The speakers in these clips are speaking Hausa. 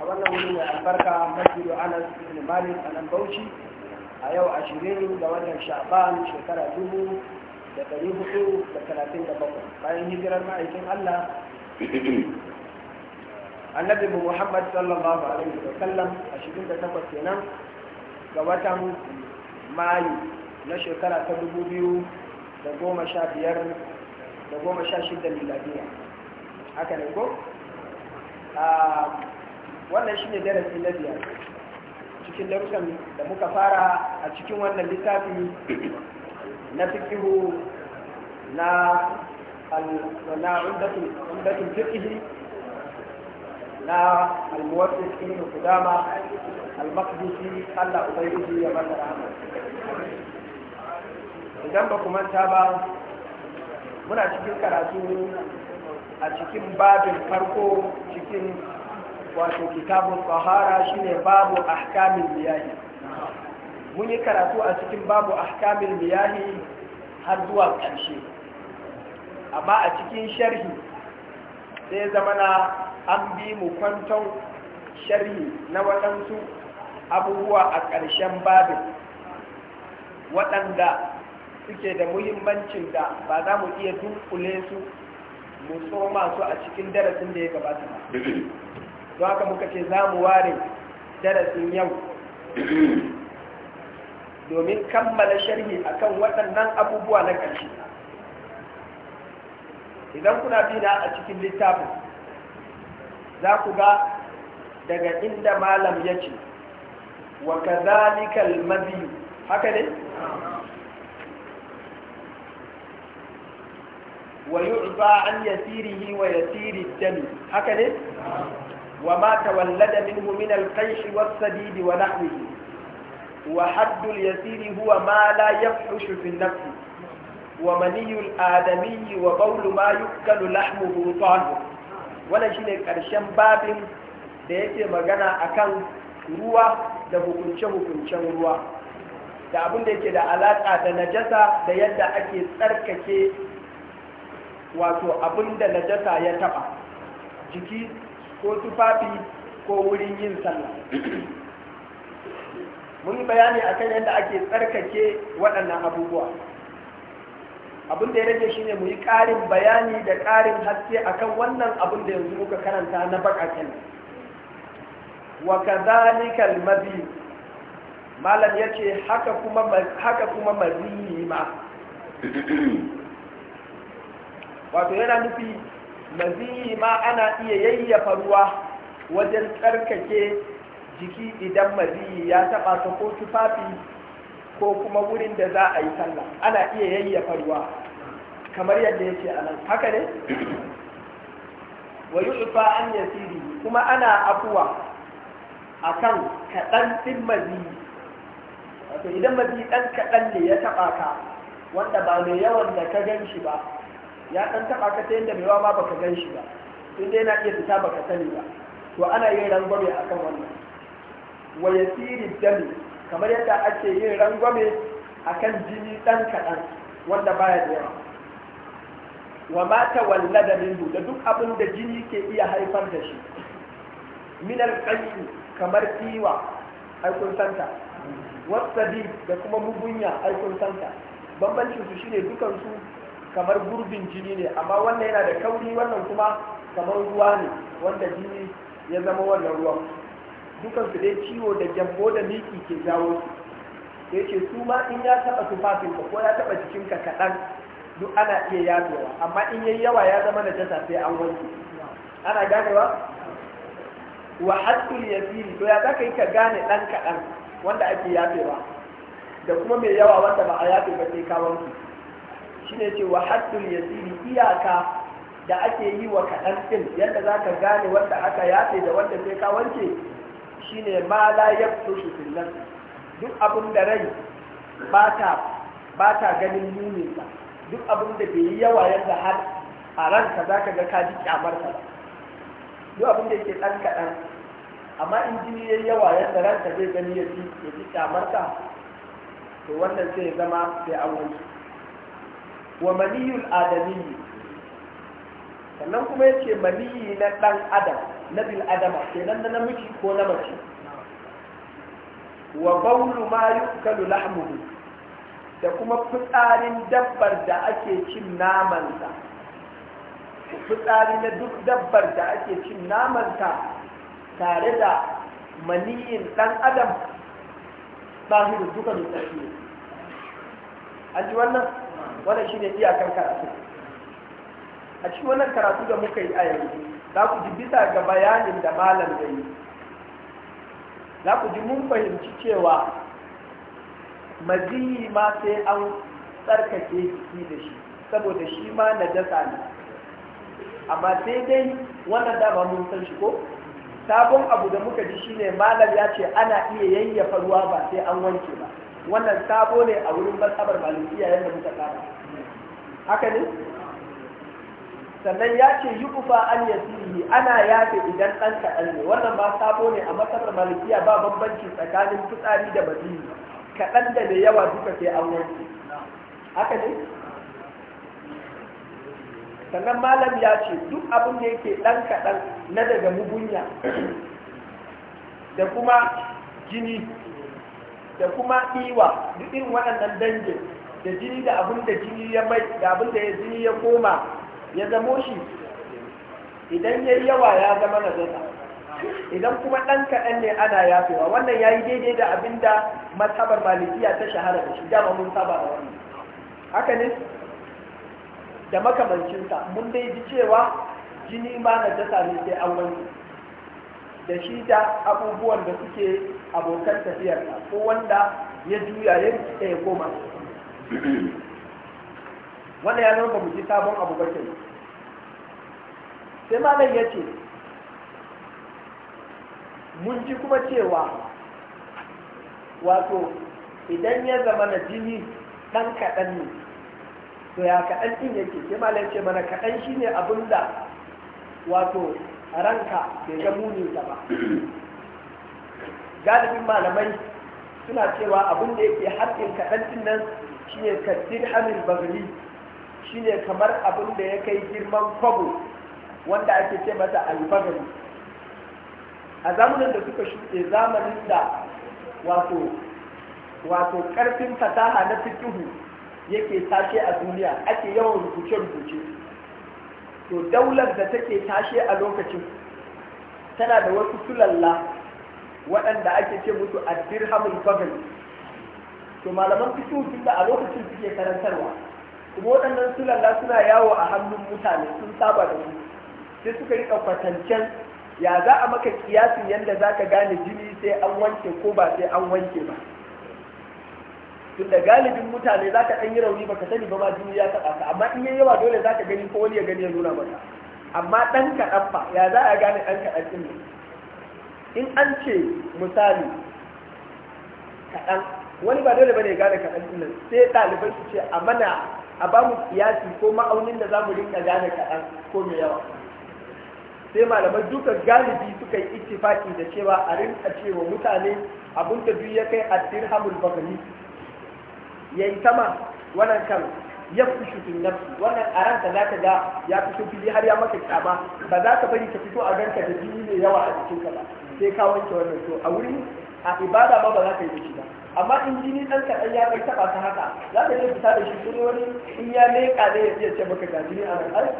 a wannan wuri mai albarka masjidu anas ibn malik a nan bauchi a yau ashirin ga watan sha'ban shekara dubu da ɗari hudu da talatin da bakwai bayan hijirar ma'aikin allah annabi muhammad sallallahu alaihi wa sallam ashirin da takwas kenan ga watan mayu na shekara ta dubu biyu da goma sha biyar da goma sha shida miladiya haka ne ko ah, wannan shine darasi na biyar cikin darussan da muka fara a cikin wannan littafi na fikihu na na umdatul fiqhi na almuwaffis ibn qudama al-maqdisi Allah ubangiji ya masa rahama idan ba kuma manta ba muna cikin karatu a cikin babin farko cikin wato kitabun shi ne babu ahkamin miyahi mun yi karatu a cikin babu ahkamin miyahi har zuwa ƙarshe amma a cikin sharhi sai zama na an bi mu kwanton sharhi na waɗansu abubuwa a ƙarshen babin waɗanda suke da muhimmancin da ba za mu iya dunkule su mu tsoma su a cikin darasin da ya gabata ba don haka muka ce za mu ware darasin yau domin kammala sharhi kan waɗannan abubuwa na ƙarshe idan kuna bina a cikin littafin za ku ga daga inda malam ya ce wa kazalikal mabiyu haka ne wa yu'za an yasirihi wa yasiri dami haka ne وما تولد منه من القيش والسديد ونحوه وحد اليسير هو ما لا يفحش في النفس ومني الآدمي وقول ما يؤكل لحمه طاهر wannan shine ƙarshen babin da yake magana akan ruwa da hukunce-hukuncen ruwa da abin da yake da alaƙa da najasa da yadda ake tsarkake wato abin da najasa ya taɓa jiki ko tufafi ko wurin yin sallah mun yi bayani akan yadda ake tsarkake waɗannan abubuwa abin da ya rage shi ne mu yi ƙarin bayani da ƙarin haske akan wannan abin da yanzu muka karanta na kenan. wa kadhalikal mazi malam yace haka kuma haka kuma mazi ma wato yana nufi maziyi ma ana iya yayyafa ruwa wajen tsarkake jiki idan mazihi ya taba ta ko tufafi ko kuma wurin da za a yi sallah ana iya yayyafa ruwa kamar yadda yake a nan haka ne wa yu'fa an yasiri kuma ana afuwa akan kaɗan ɗin mazihi wato idan mazihi ɗan kaɗan ne ya taɓa ka wanda ba mai yawan da ka gan shi ba ya dan taba ka ta yanda baiwa ma baka gan shi ba tun dai yana iya fita baka sani ba to ana yin rangwame akan wannan wa yasiri dami kamar yadda ake yin rangwame akan jini dan kaɗan wanda baya da yawa wa mata wallada minhu da duk abin da jini ke iya haifar da shi Minar alqayyi kamar tiwa aikun kun santa wasabi da kuma mugunya aikun santa bambancin su shine dukan su kamar gurbin jini ne amma wannan yana da kauri wannan kuma kamar ruwa ne wanda jini ya zama wannan ruwan su dai ciwo da gyambo da miki ke jawo su ya ce su ma in ya taɓa ka ko ya taɓa jikinka kaɗan duk ana iya yafewa amma in yayi yawa ya zama najasa sai an wanke ana ganewa wa haddul yasiri to ya zaka yi ka gane dan kaɗan wanda ake yafewa da kuma mai yawa wanda ba a yafe ba sai ka wanke shine ce wa haddul yasiri iyaka da ake yi wa kaɗan ɗin yadda za ka gane wanda aka yafe da wanda sai ka wanke shine ma la fito shi fillan duk abin da rai ba ta ganin nuninsa duk abin da bai yi yawa yadda har a ranka za ka ga ka ji kyamar ba duk abin da yake ɗan kaɗan amma in jini ya yi yawa yadda ranka zai gani ya ji kyamarsa to wannan sai ya zama sai an wanke wa maniyul adamiyyi sannan kuma yace maniyyi na dan adam na bil adama kenan na namiji ko na mace wa bawlu ma yukalu lahmuhu da kuma fitsarin dabbar da ake cin namansa fitsari na duk dabbar da ake cin namanta tare da maniyin ɗan adam ɗahiru duka da tafi an ji wannan shi shine iyakar karatu a cikin wannan karatu da muka yi a yanzu za ku ji bisa ga bayanin da malam da yi za ku ji mun fahimci cewa maziyi ma sai an tsarkake jiki da shi saboda shi ma na jasa ne amma sai dai wannan dama mun san shi ko sabon abu da muka ji shine malam ya ce ana iya yayyafa ruwa ba sai an wanke ba wannan sabo ne a wurin matsabar malikiya yadda muka tsara haka ne sannan ya ce yi kufa an yasirihi ana yafe idan ɗan kaɗan ne wannan ba sabo ne a matsabar malikiya ba bambanci tsakanin fitsari da madini kaɗan da mai yawa duka sai an wanke haka ne sannan malam ya ce duk abin da yake ɗan kaɗan na daga mugunya da kuma jini da kuma iwa duk irin waɗannan dangin da jini da abin da jini ya mai da abin da jini ya koma ya zamo shi idan ya yawa ya zama na zata idan kuma ɗan kaɗan ne ana yafewa wannan ya yi daidai da abin da matabar malikiya ta shahara da shi dama mun saba da wannan haka ne da makamancinsa mun dai ji cewa jini ma na dasa ne sai an wanke da shi da abubuwan da suke abokan tafiyar ko wanda ya juya ya rikita ya koma wanda ya zama mu ji sabon abu ba sai malam ya ce mun ji kuma cewa wato idan ya zama na jini ɗan kaɗan ne to ya kaɗan ɗin yake sai malam ce mana kaɗan shine abin da wato ranka bai ga muninsa ba galibin malamai suna cewa abin da yake haƙƙin kaɗan ɗin nan shine ka dirhamin bagli shine kamar abin da ya kai girman kwabo wanda ake ce mata albagari a zamanin da suka shuɗe zamanin da wato wato ƙarfin fasaha na fikihu yake tashe a duniya ake yawan rubuce-rubuce to daular da take tashe a lokacin tana da wasu sulalla waɗanda ake ce musu addirhamul bagal to malaman fito tun da a lokacin suke karantarwa kuma waɗannan sulalla suna yawo a hannun mutane sun saba da su sai suka rika kwatancen ya za a maka kiyasin yadda za ka gane jini sai an wanke ko ba sai an wanke ba tunda galibin mutane za ka ɗan yi rauni baka sani ba ma jini ya taɓa ka amma in yayi yawa dole za ka gani ko wani ya gani ya nuna maka amma ɗan kaɗan fa ya za a gane ɗan kaɗan ɗin ne? in an ce misali kaɗan wani ba dole bane ya gane kaɗan ɗin nan sai ɗalibai su ce a mana a ba mu kiyasi ko ma'aunin da za mu rinka gane kaɗan ko mai yawa sai malamai duka galibi suka yi ittifaki da cewa a rinka cewa mutane abin da duk ya kai hamul bakwai. yayi sama wannan kan ya fushi fi nafsi wannan a ranka za ka ga ya fito fili har ya maka kyama ba za ka bari ka fito a ranka da jini mai yawa a jikinka ba sai ka wanke wannan to a wuri a ibada ma ba za ka yi shi ba amma in jini ɗan kaɗan ya kai taɓa ta haka za ka iya fita da shi sai wani in ya leƙa ne ya iya ce maka ga jini a nan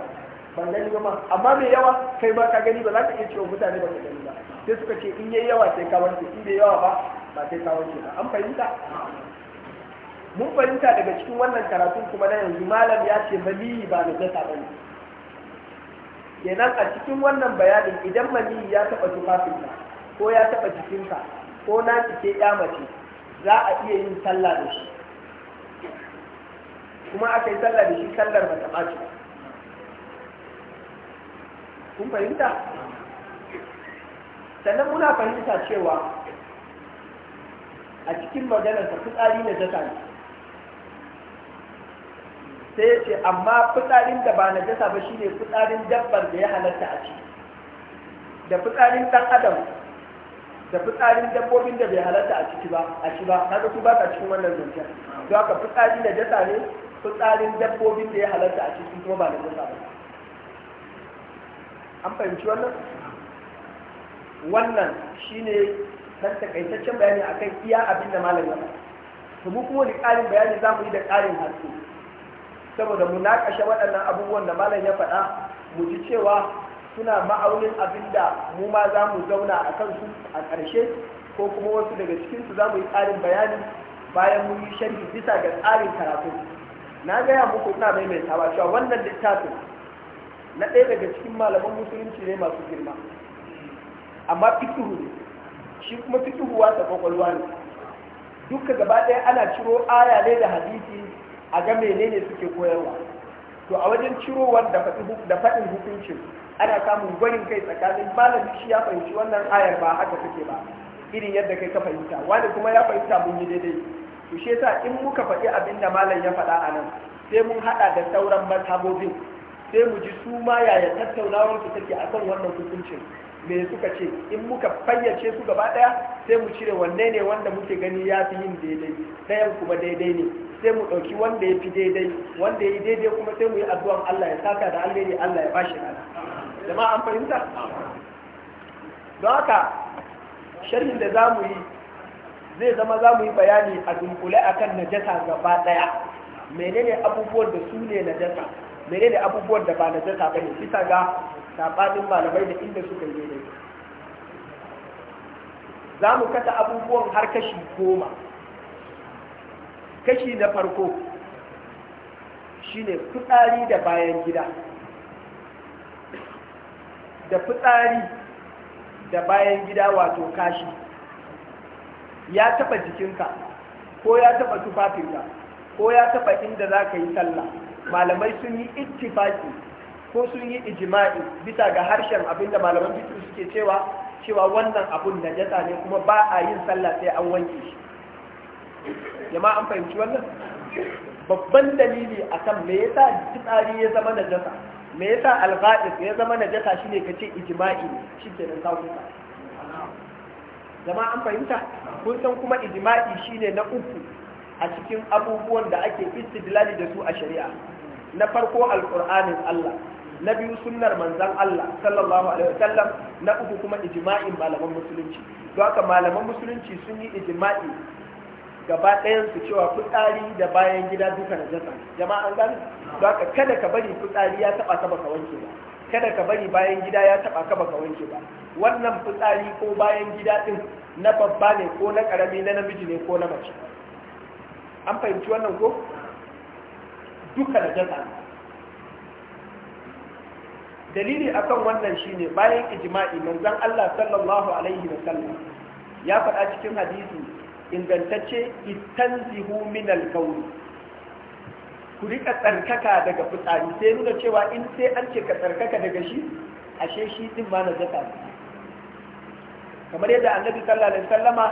ban gani ba ma amma mai yawa kai ba ka gani ba za ka iya cewa mutane ba ka gani ba sai suka ce in yayi yawa sai ka wanke in bai yawa ba ba sai ka ba an fahimta mun fahimta daga cikin wannan karatun kuma na yanzu malam ya ce mali ba gasa ba ne kenan a cikin wannan bayanin idan mali ya taɓa tufafinka ko ya taɓa jikinka ko na cike ya mace za a iya yin sallah da shi kuma aka yi sallah da shi sallar ba ta ɓaci kun fahimta sannan muna fahimta cewa a cikin maganarsa, fitsari na jasa ne sai ya ce amma fitsarin da ba na jasa ba shine fitsarin dabbar da ya halatta a ciki da fitsarin dan adam da fitsarin dabbobin da bai halatta a ciki ba a shi ba kaga su ba ka cikin wannan zancen don fitsarin fitsari jasa ne fitsarin dabbobin da ya halatta a ciki kuma ba na jasa ba an fahimci wannan wannan shine dan takaitaccen bayani akan iya abin da malam ya faɗa to mu kuma wani ƙarin bayani za mu yi da ƙarin hasken saboda mu naƙashe waɗannan abubuwan da malam ya faɗa mu ji cewa suna ma'aunin abin da mu ma za mu zauna a kansu a ƙarshe ko kuma wasu daga cikinsu za mu yi ƙarin bayani bayan mun yi sharhi bisa ga tsarin karatu na gaya muku ina mai mai cewa wannan littafin na ɗaya daga cikin malaman musulunci ne masu girma amma fikihu ne shi kuma fikihu ta kwakwalwa ne duka gaba ɗaya ana ciro aya ne da hadisi a ga menene suke koyarwa to a wajen cirowa da faɗin hukuncin ana samun gwanin kai tsakanin malami shi ya fahimci wannan ayar ba haka take ba irin yadda kai ka fahimta wani kuma ya fahimta mun yi daidai to shi yasa in muka faɗi abin da malam ya faɗa a nan sai mun haɗa da sauran mazhabobin sai mu ji su ma yaya tattaunawar su take a kan wannan hukuncin me suka ce in muka fayyace su gaba ɗaya sai mu cire wanne ne wanda muke gani ya fi yin daidai ɗayan kuma daidai ne sai mu ɗauki wanda ya fi daidai wanda ya yi daidai kuma sai mu yi addu'an Allah ya saka da alheri Allah ya bashi kana jama'a an fahimta don haka sharhin da zamu yi zai zama zamu yi bayani a dunkule akan najasa gaba daya menene abubuwan da su ne najasa menene abubuwan da ba najasa bane bisa ga sabanin malamai da inda suka yi daidai za mu kasa abubuwan har kashi goma kashi na farko shine fitsari da bayan gida da fitsari da bayan gida wato kashi ya taba jikinka ko ya taba tufafinka ko ya taba inda za ka yi sallah malamai sun yi ittifaki ko sun yi ijima'i bisa ga harshen abinda malaman fitur suke cewa cewa wannan abun jata ne kuma ba a yin sallah sai an wanke shi jama'a an fahimci wannan babban dalili akan me yasa fitsari ya zama na jasa me yasa algha'is ya zama na najasa shine kace ijma'i shikenan ka huta jama'a an fahimta kun san kuma shi shine na uku a cikin abubuwan da ake istidlali da su a shari'a na farko alqur'anin Allah na biyu sunnar manzan Allah sallallahu alaihi wasallam na uku kuma ijima'in malaman musulunci don haka malaman musulunci sun yi ijima'i. gaba ɗayan su cewa fitsari da bayan gida duka na jasa jama'a an gani ba ka kada ka bari fitsari ya taɓa ka baka wanke ba kada ka bari bayan gida ya taɓa ka baka wanke ba wannan fitsari ko bayan gida ɗin na babba ne ko na ƙarami na namiji ne ko na mace an fahimci wannan ko duka na jasa dalili akan wannan shine bayan ijma'i manzon Allah sallallahu alaihi wa sallam ya faɗa cikin hadisi ingantacce istanzihu min alkauni ku rika tsarkaka daga fitsari sai nuna cewa in sai an ce ka tsarkaka daga shi ashe shi din ma na kamar yadda annabi sallallahu alaihi wasallama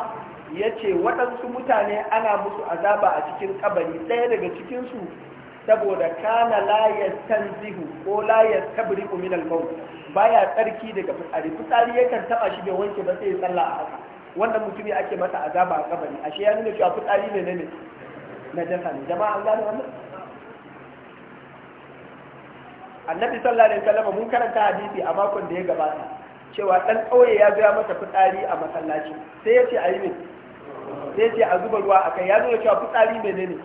ya ce waɗansu mutane ana musu azaba a cikin kabari ɗaya daga cikin su saboda kana la yastanzihu ko la yastabriqu min al baya tsarki daga fitsari fitsari yakan taba shi bai wanke ba sai ya a haka wannan ya ake masa azaba a kabari ashe ya nuna cewa fitsari ne ne na jasa ne jama'a an gane wannan annabi sallallahu alaihi wasallam mun karanta hadisi a makon da ya gabata cewa dan kauye ya ga masa fitsari a masallaci sai ya ce ayi ne sai ya ce a zuba ruwa akai ya nuna cewa fitsari ne ne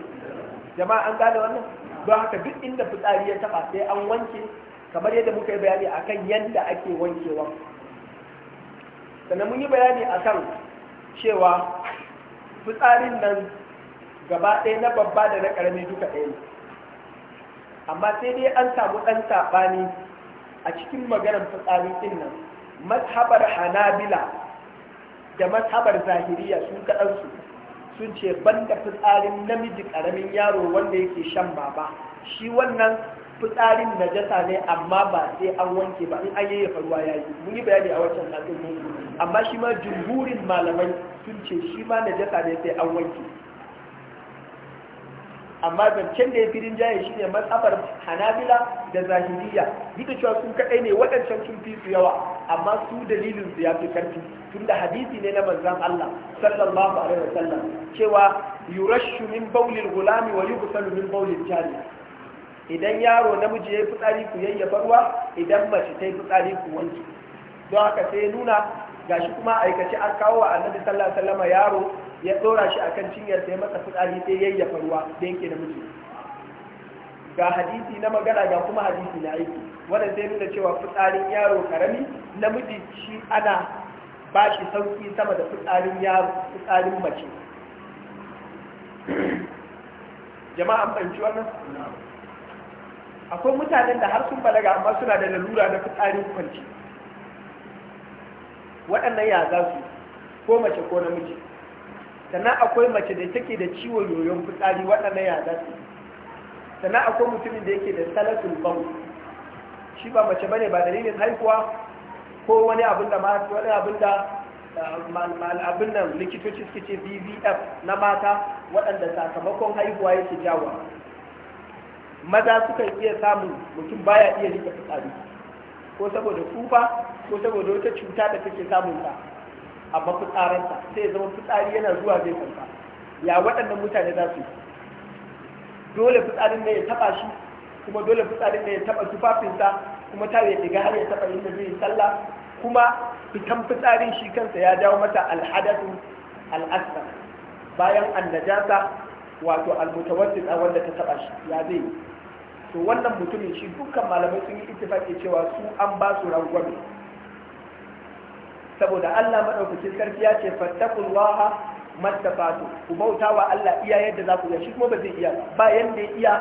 jama'a an gane wannan don haka duk inda fitsari ya taba sai an wanke kamar yadda muka yi bayani akan yadda ake wankewa sannan mun yi bayani a kan cewa fitsarin nan gaba ɗaya na babba da na ƙarami duka ɗaya ne amma sai dai an samu ɗan saɓani a cikin maganar fitsarin ɗin nan mazhabar hanabila da mazhabar zahiriya sun kaɗansu sun ce banda fitsarin namiji ƙaramin yaro wanda yake shan baba shi wannan fitsarin najasa ne amma ba sai an wanke ba in an yayyafa ya yayi mun yi bayani a wancan satin mun amma shi ma jumhurin malamai sun ce shi ma najasa ne sai an wanke amma zancen da ya fi rinjaye shi ne matsabar hanabila da zahiriya duk cewa sun kaɗai ne waɗancan sun fi su yawa amma su dalilin su ya fi karfi tunda hadisi ne na manzan Allah sallallahu alaihi wasallam cewa yurashu min bawlil gulami wa yughsalu min bawlil jari idan yaro namiji ya yi fitsari ku yayyafa ruwa idan mace ta yi fitsari ku wanki don haka sai ya nuna gashi kuma aikace an kawo wa annabi sallallahu alaihi wasallam yaro ya dora shi akan cinyar sai masa fitsari sai yayyafa ruwa da yake namiji ga hadisi na magana ga kuma hadisi na aiki wanda sai nuna cewa fitsarin yaro karami namiji shi ana ba shi sauki sama da fitsarin yaro fitsarin mace jama'an fahimci wannan akwai mutanen da har sun balaga amma suna da lalura na fitsarin kwanci waɗannan ya za su ko mace ko namiji sannan akwai mace da take da ciwon yoyon fitsari waɗannan ya za su sannan akwai mutumin da yake da salatin bau shi ba mace bane ba dalilin haihuwa ko wani abin da wani abin da eh, abin nan likitoci suke ce bvf na mata waɗanda sakamakon haihuwa yake jawo maza suka iya samun mutum baya iya rika fitsari ko saboda kufa ko saboda wata cuta da take samun ta amma fitsarinsa sai ya zama fitsari yana zuwa zai kwanta ya waɗannan mutane za su dole fitsarin ne ya taɓa shi kuma dole fitsarin ne ya taɓa tufafinsa kuma ta ya ɗiga har ya taba inda zai sallah kuma fitan fitsarin shi kansa ya dawo mata alhadatu al'asar bayan annajasa wato almutawassita wanda ta taɓa shi ya zai to wannan mutumin shi dukkan malamai sun yi ittifaki cewa su an ba su rangwame saboda Allah madaukakin sarki ya ce fattakullaha mattafatu ku bauta wa Allah iya yadda za ku shi kuma ba zai iya ba yanda ya iya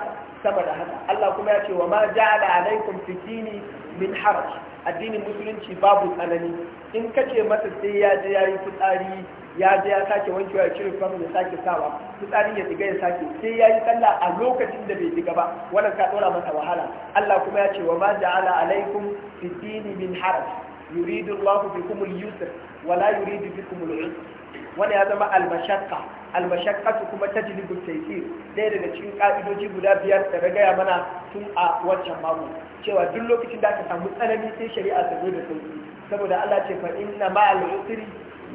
sama da haka Allah kuma ya ce wa ma ja'ala alaikum fitini min haraj addinin musulunci babu tsanani in kace masa sai ya je yayi fitsari ya je ya sake wankewa ya cire kuma ya sake sawa fitsarin ya diga ya sake sai ya yi sallah a lokacin da bai diga ba wannan ka dora masa wahala Allah kuma ya ce wa ma ja'ala alaikum fi dini min haraj yuridu Allah bikum al-yusr wa la yuridu bikum al-usr wani ya zama al-mashaqqa al kuma ta at-taysir dai daga cikin ka'idoji guda biyar da raga ya mana tun a wancan mako cewa duk lokacin da aka samu tsanani sai shari'a ta zo da sauki saboda Allah ce fa inna ma'al usri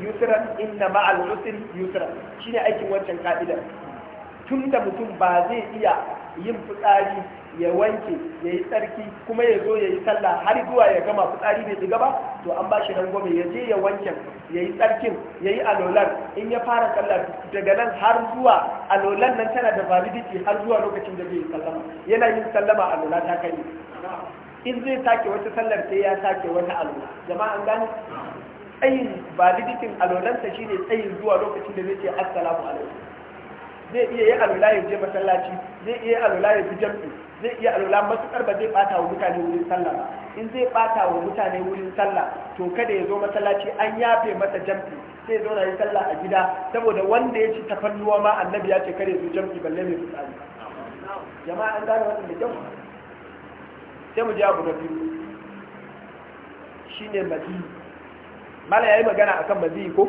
yusra inna ma'al usri yusra shine aikin wancan ka'idar tunda mutum ba zai iya yin fitsari ya wanke ya yi tsarki kuma ya zo ya yi sallah har zuwa ya gama fitsari bai diga ba to an ba shi rangwame ya je ya wanke ya yi tsarkin ya yi alolan in ya fara sallah daga nan har zuwa alolan nan tana da validity har zuwa lokacin da zai yi sallama yana yin sallama alola ta kai in zai sake wata sallar sai ya sake wata alola jama'an gani tsayin validitin alolansa shine tsayin zuwa lokacin da zai ce assalamu alaikum zai iya yi alola ya je masallaci zai iya yi alola ya fi jam'i zai iya alola masu ba zai bata wa mutane wurin sallah ba in zai bata wa mutane wurin sallah to kada ya zo masallaci an yafe masa jam'i sai ya zo na yi sallah a gida saboda wanda ya ci tafannuwa ma annabi ya ce kada ya zo jam'i balle mai fitsari jama'a an gane wannan da kyau sai mu je abu na biyu shine madina mala yayi magana akan maziyi ko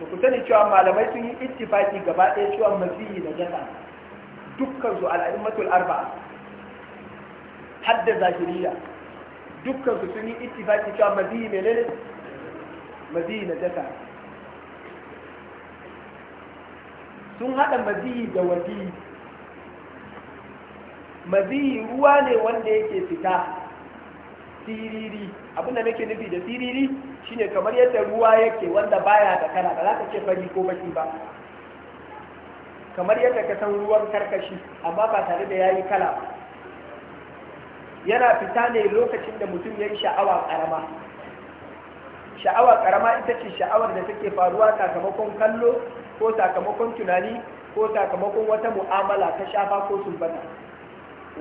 to ku sani cewa malamai sun yi ittifaki gaba ɗaya cewa maziyi da jasa dukkan su al'ummatul arba'a hadda zahiriya dukkan su sun yi ittifaki cewa maziyi menene maziyi na jasa sun haɗa maziyi da wadi maziyi ruwa ne wanda yake fita siriri abinda nake nufi da siriri shine kamar yadda ruwa yake wanda baya da kala ba za ka ce fari ko baki ba kamar yadda ka san ruwan karkashi amma ba tare da yayi kala yana fita ne lokacin da mutum ya yi sha'awa karama sha'awa karama ita ce sha'awar da take faruwa sakamakon kallo ko sakamakon tunani ko sakamakon wata mu'amala ta shafa ko sulbata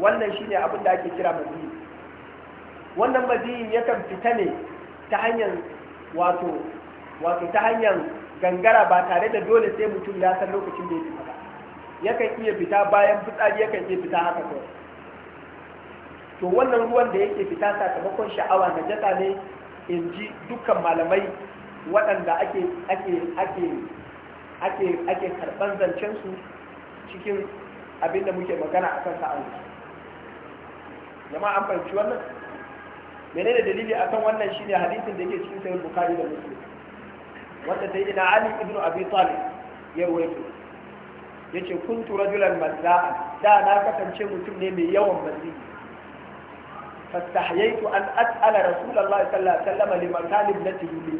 wannan shine abin da ake kira maziyi wannan maziyin yakan fita ne ta hanyar wato wato ta hanyar gangara ba tare da dole sai mutum ya san lokacin da ya fita yakan iya fita bayan fitsari yakan iya fita haka kawai to wannan ruwan da yake fita sakamakon sha'awa na jata ne in ji dukkan malamai waɗanda ake ake ake ake ake zancensu cikin abin da muke magana a kan sa'an jama'a an fahimci wannan menene dalili akan wannan shine hadisin da yake cikin sahih bukhari da muslim wanda sai ina ali ibn abi talib ya ruwaito yace kuntu rajulan mazza'a da na kasance mutum ne mai yawan manzi fastahyaitu an as'ala rasulullah sallallahu alaihi wasallam liman kana ibnatihi li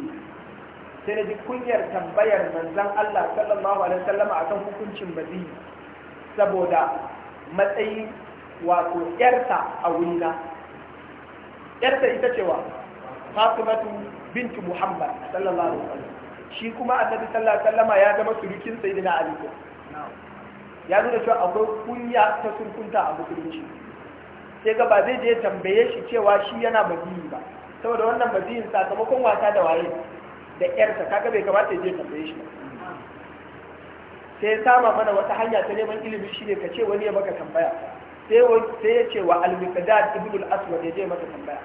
sai naji kunyar tambayar manzon Allah sallallahu alaihi wasallam akan hukuncin mazi saboda matsayi wato yarsa a wurina yarta ita cewa fatimatu bintu muhammad sallallahu alaihi wasallam shi kuma annabi sallallahu alaihi wasallam ya zama surukin sayyidina ali ko ya nuna cewa akwai kunya ta surkunta a musulunci sai ga ba zai je tambaye shi cewa shi yana badiyi ba saboda wannan badiyin sakamakon wasa da waye da yarsa kaga bai kamata ya je tambaye shi ba sai ya sama mana wata hanya ta neman ilimi shi ne ka ce wani ya baka tambaya sai ya ce wa al mikdad ibn al-aswad ya je masa tambaya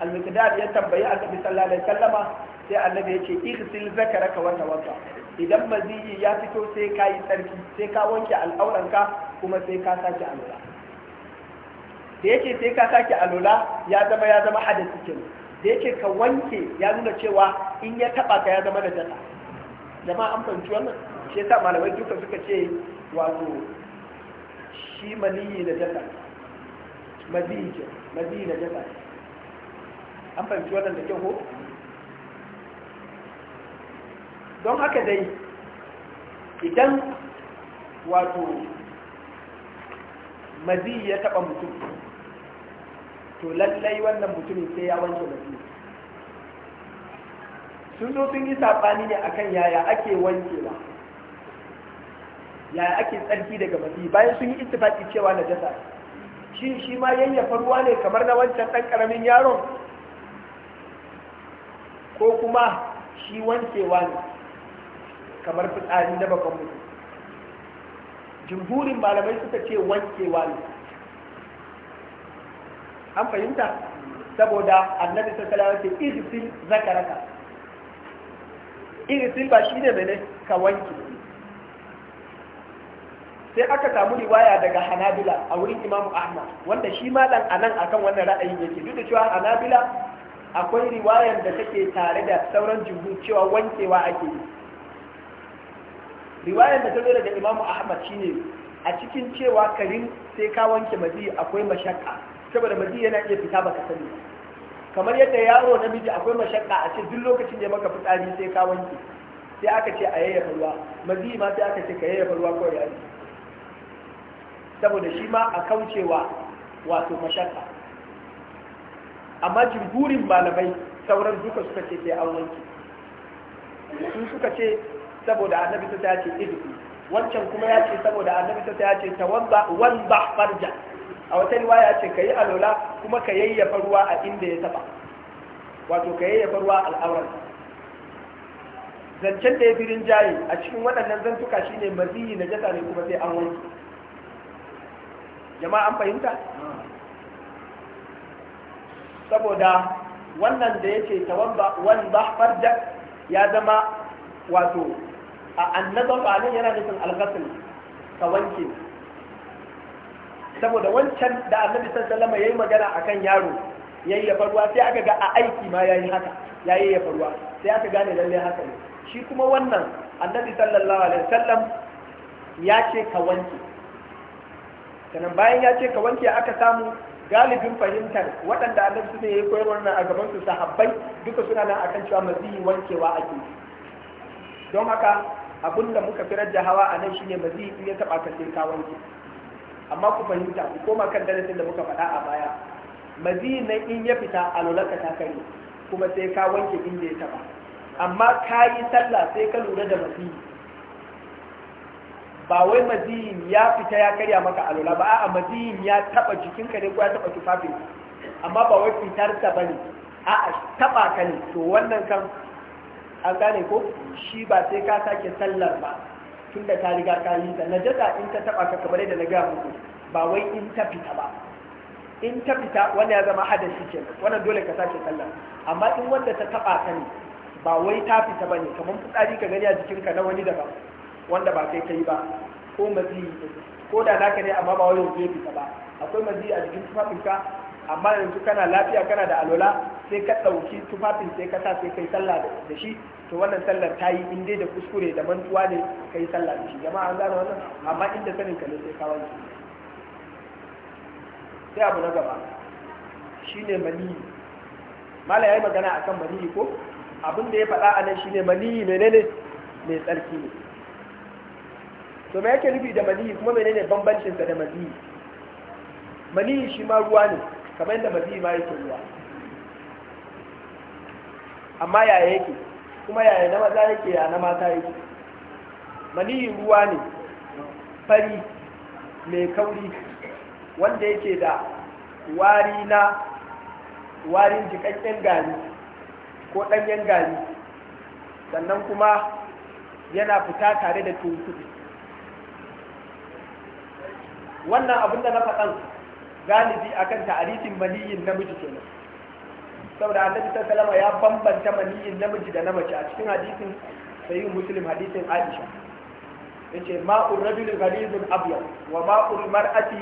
al mikdad ya tambayi annabi sallallahu alaihi wasallama sai annabi ya ce igsil zakaraka wa tawadda idan maziyi ya fito sai ka yi tsarki sai ka wanke ka kuma sai ka sake alula da yake sai ka sake alula ya zama ya zama hadisi kenan da yake ka wanke ya nuna cewa in ya taba ka ya zama da jama'a an fahimci wannan shi yasa malamai duka suka ce wato shi maniyi na jasa maziyi da maziyi na an fahimci wannan da kyau ko don haka dai idan wato maziyi ya taba mutum to lallai wannan mutumin sai ya wanke maziyi sun zo sun yi saɓani ne akan yaya ake wankewa ya ake tsarki daga mazi bayan sun yi ittifaki cewa jasa shi shi ma yayyafa ruwa ne kamar na wancan ɗan ƙaramin yaron ko kuma shi wankewa ne kamar fitsari na bakon mutu jimhurin malamai suka ce wankewa ne an fahimta saboda annabi sassala alaihi wasallam ce izfil zakaraka irisin ba shine bane ka wanke sai aka samu riwaya daga hanabila a wurin imamu ahmad wanda shi ma dan anan akan wannan ra'ayin yake duk da cewa hanabila akwai riwayar da take tare da sauran jumhur cewa wankewa ake yi riwayar da ta zo daga imamu ahmad shine a cikin cewa karin sai ka wanke madi akwai mashakka saboda madi yana iya fita baka sani kamar yadda yaro namiji akwai mashakka a ce duk lokacin da maka fitsari sai ka wanke sai aka ce a yayyafa ruwa mazi ma sai aka ce ka yayyafa ruwa kawai a saboda shi ma a kaucewa wato mashaka amma jimburin malamai sauran duka suka ce sai an wanke su suka ce saboda annabi ta ce idiki wancan kuma ya ce saboda annabi ta ce ta wan ba farja a wata ya ce ka yi alola kuma ka yayyafa ruwa a inda ya taba wato ka yayyafa ruwa al'awar zancen da ya birin rinjaye a cikin waɗannan zantuka shine mazihi na jasa ne kuma sai an wanke jama'a an fahimta saboda wannan da yake tawabba wan bahfar da ya zama wato a annazar anan yana nufin alghasil ka wanke saboda wancan da annabi sallallahu alaihi wasallam magana akan yaro ya faruwa, sai aka ga a aiki ma yayi haka ya faruwa, sai aka gane lalle haka ne shi kuma wannan annabi sallallahu alaihi wasallam ya ce ka wanke sannan bayan ya ce ka wanke aka samu galibin fahimtar waɗanda annabi ne yi koyarwar nan a gaban su sahabbai duka suna nan akan cewa mazihi wankewa ake don haka abin da muka firar da hawa a nan shine maziyi in ya taɓa ka sai ka wanke amma ku fahimta ku koma kan darasin da muka faɗa a baya mazihi nan in ya fita alolaka ta kare kuma sai ka wanke inda ya taɓa amma ka yi sallah sai ka lura da maziyi ba wai maziyin ya fita ya karya maka alola ba a'a maziyin ya taba jikinka ne ko ya taba tufafin amma ba wai fitar ta bane a'a taba ka ne to wannan kan an gane ko shi ba sai ka sake sallar ba tunda ta riga ka yi ta najasa in ta taba ka kamar da na gaya muku ba wai in ta fita ba in ta fita wannan ya zama hadasi kenan wannan dole ka sake sallar amma in wanda ta taba ka ne ba wai ta fita bane kamar fitsari ka gani a jikinka na wani daban wanda ba kai kai ba ko mazi ko da naka ne amma ba wajen zai fita ba akwai mazi a jikin tufafinka amma yanzu kana lafiya kana da alola sai ka ɗauki tufafin sai ka sa sai kai sallah da shi to wannan sallar ta yi in dai da kuskure da mantuwa ne ka yi sallah da shi jama'a an gane wannan amma inda sanin ka ne sai ka wanke sai abu na gaba shine maniyi mala yayi magana akan maniyi ko abin da ya faɗa a nan shine maniyi menene mai tsarki ne to me yake nufi da maniyi kuma menene bambancin sa da maniyi maniyi shi ma ruwa ne kamar yadda maniyi ma yake ruwa amma yaya yake kuma yaya na maza yake ya na mata yake maniyi ruwa ne fari mai kauri wanda yake da wari na warin jikakken gari ko ɗanyen gari sannan kuma yana fita tare da tuntuɓe wannan abin da na faɗan galibi akan ta'arifin maniyin namiji kenan saboda annabi sallallahu alaihi ya bambanta maniyin namiji da na mace a cikin hadisin sahih muslim hadisin aisha yace ma'ur rabin ghalizun abyad wa ma'ur mar'ati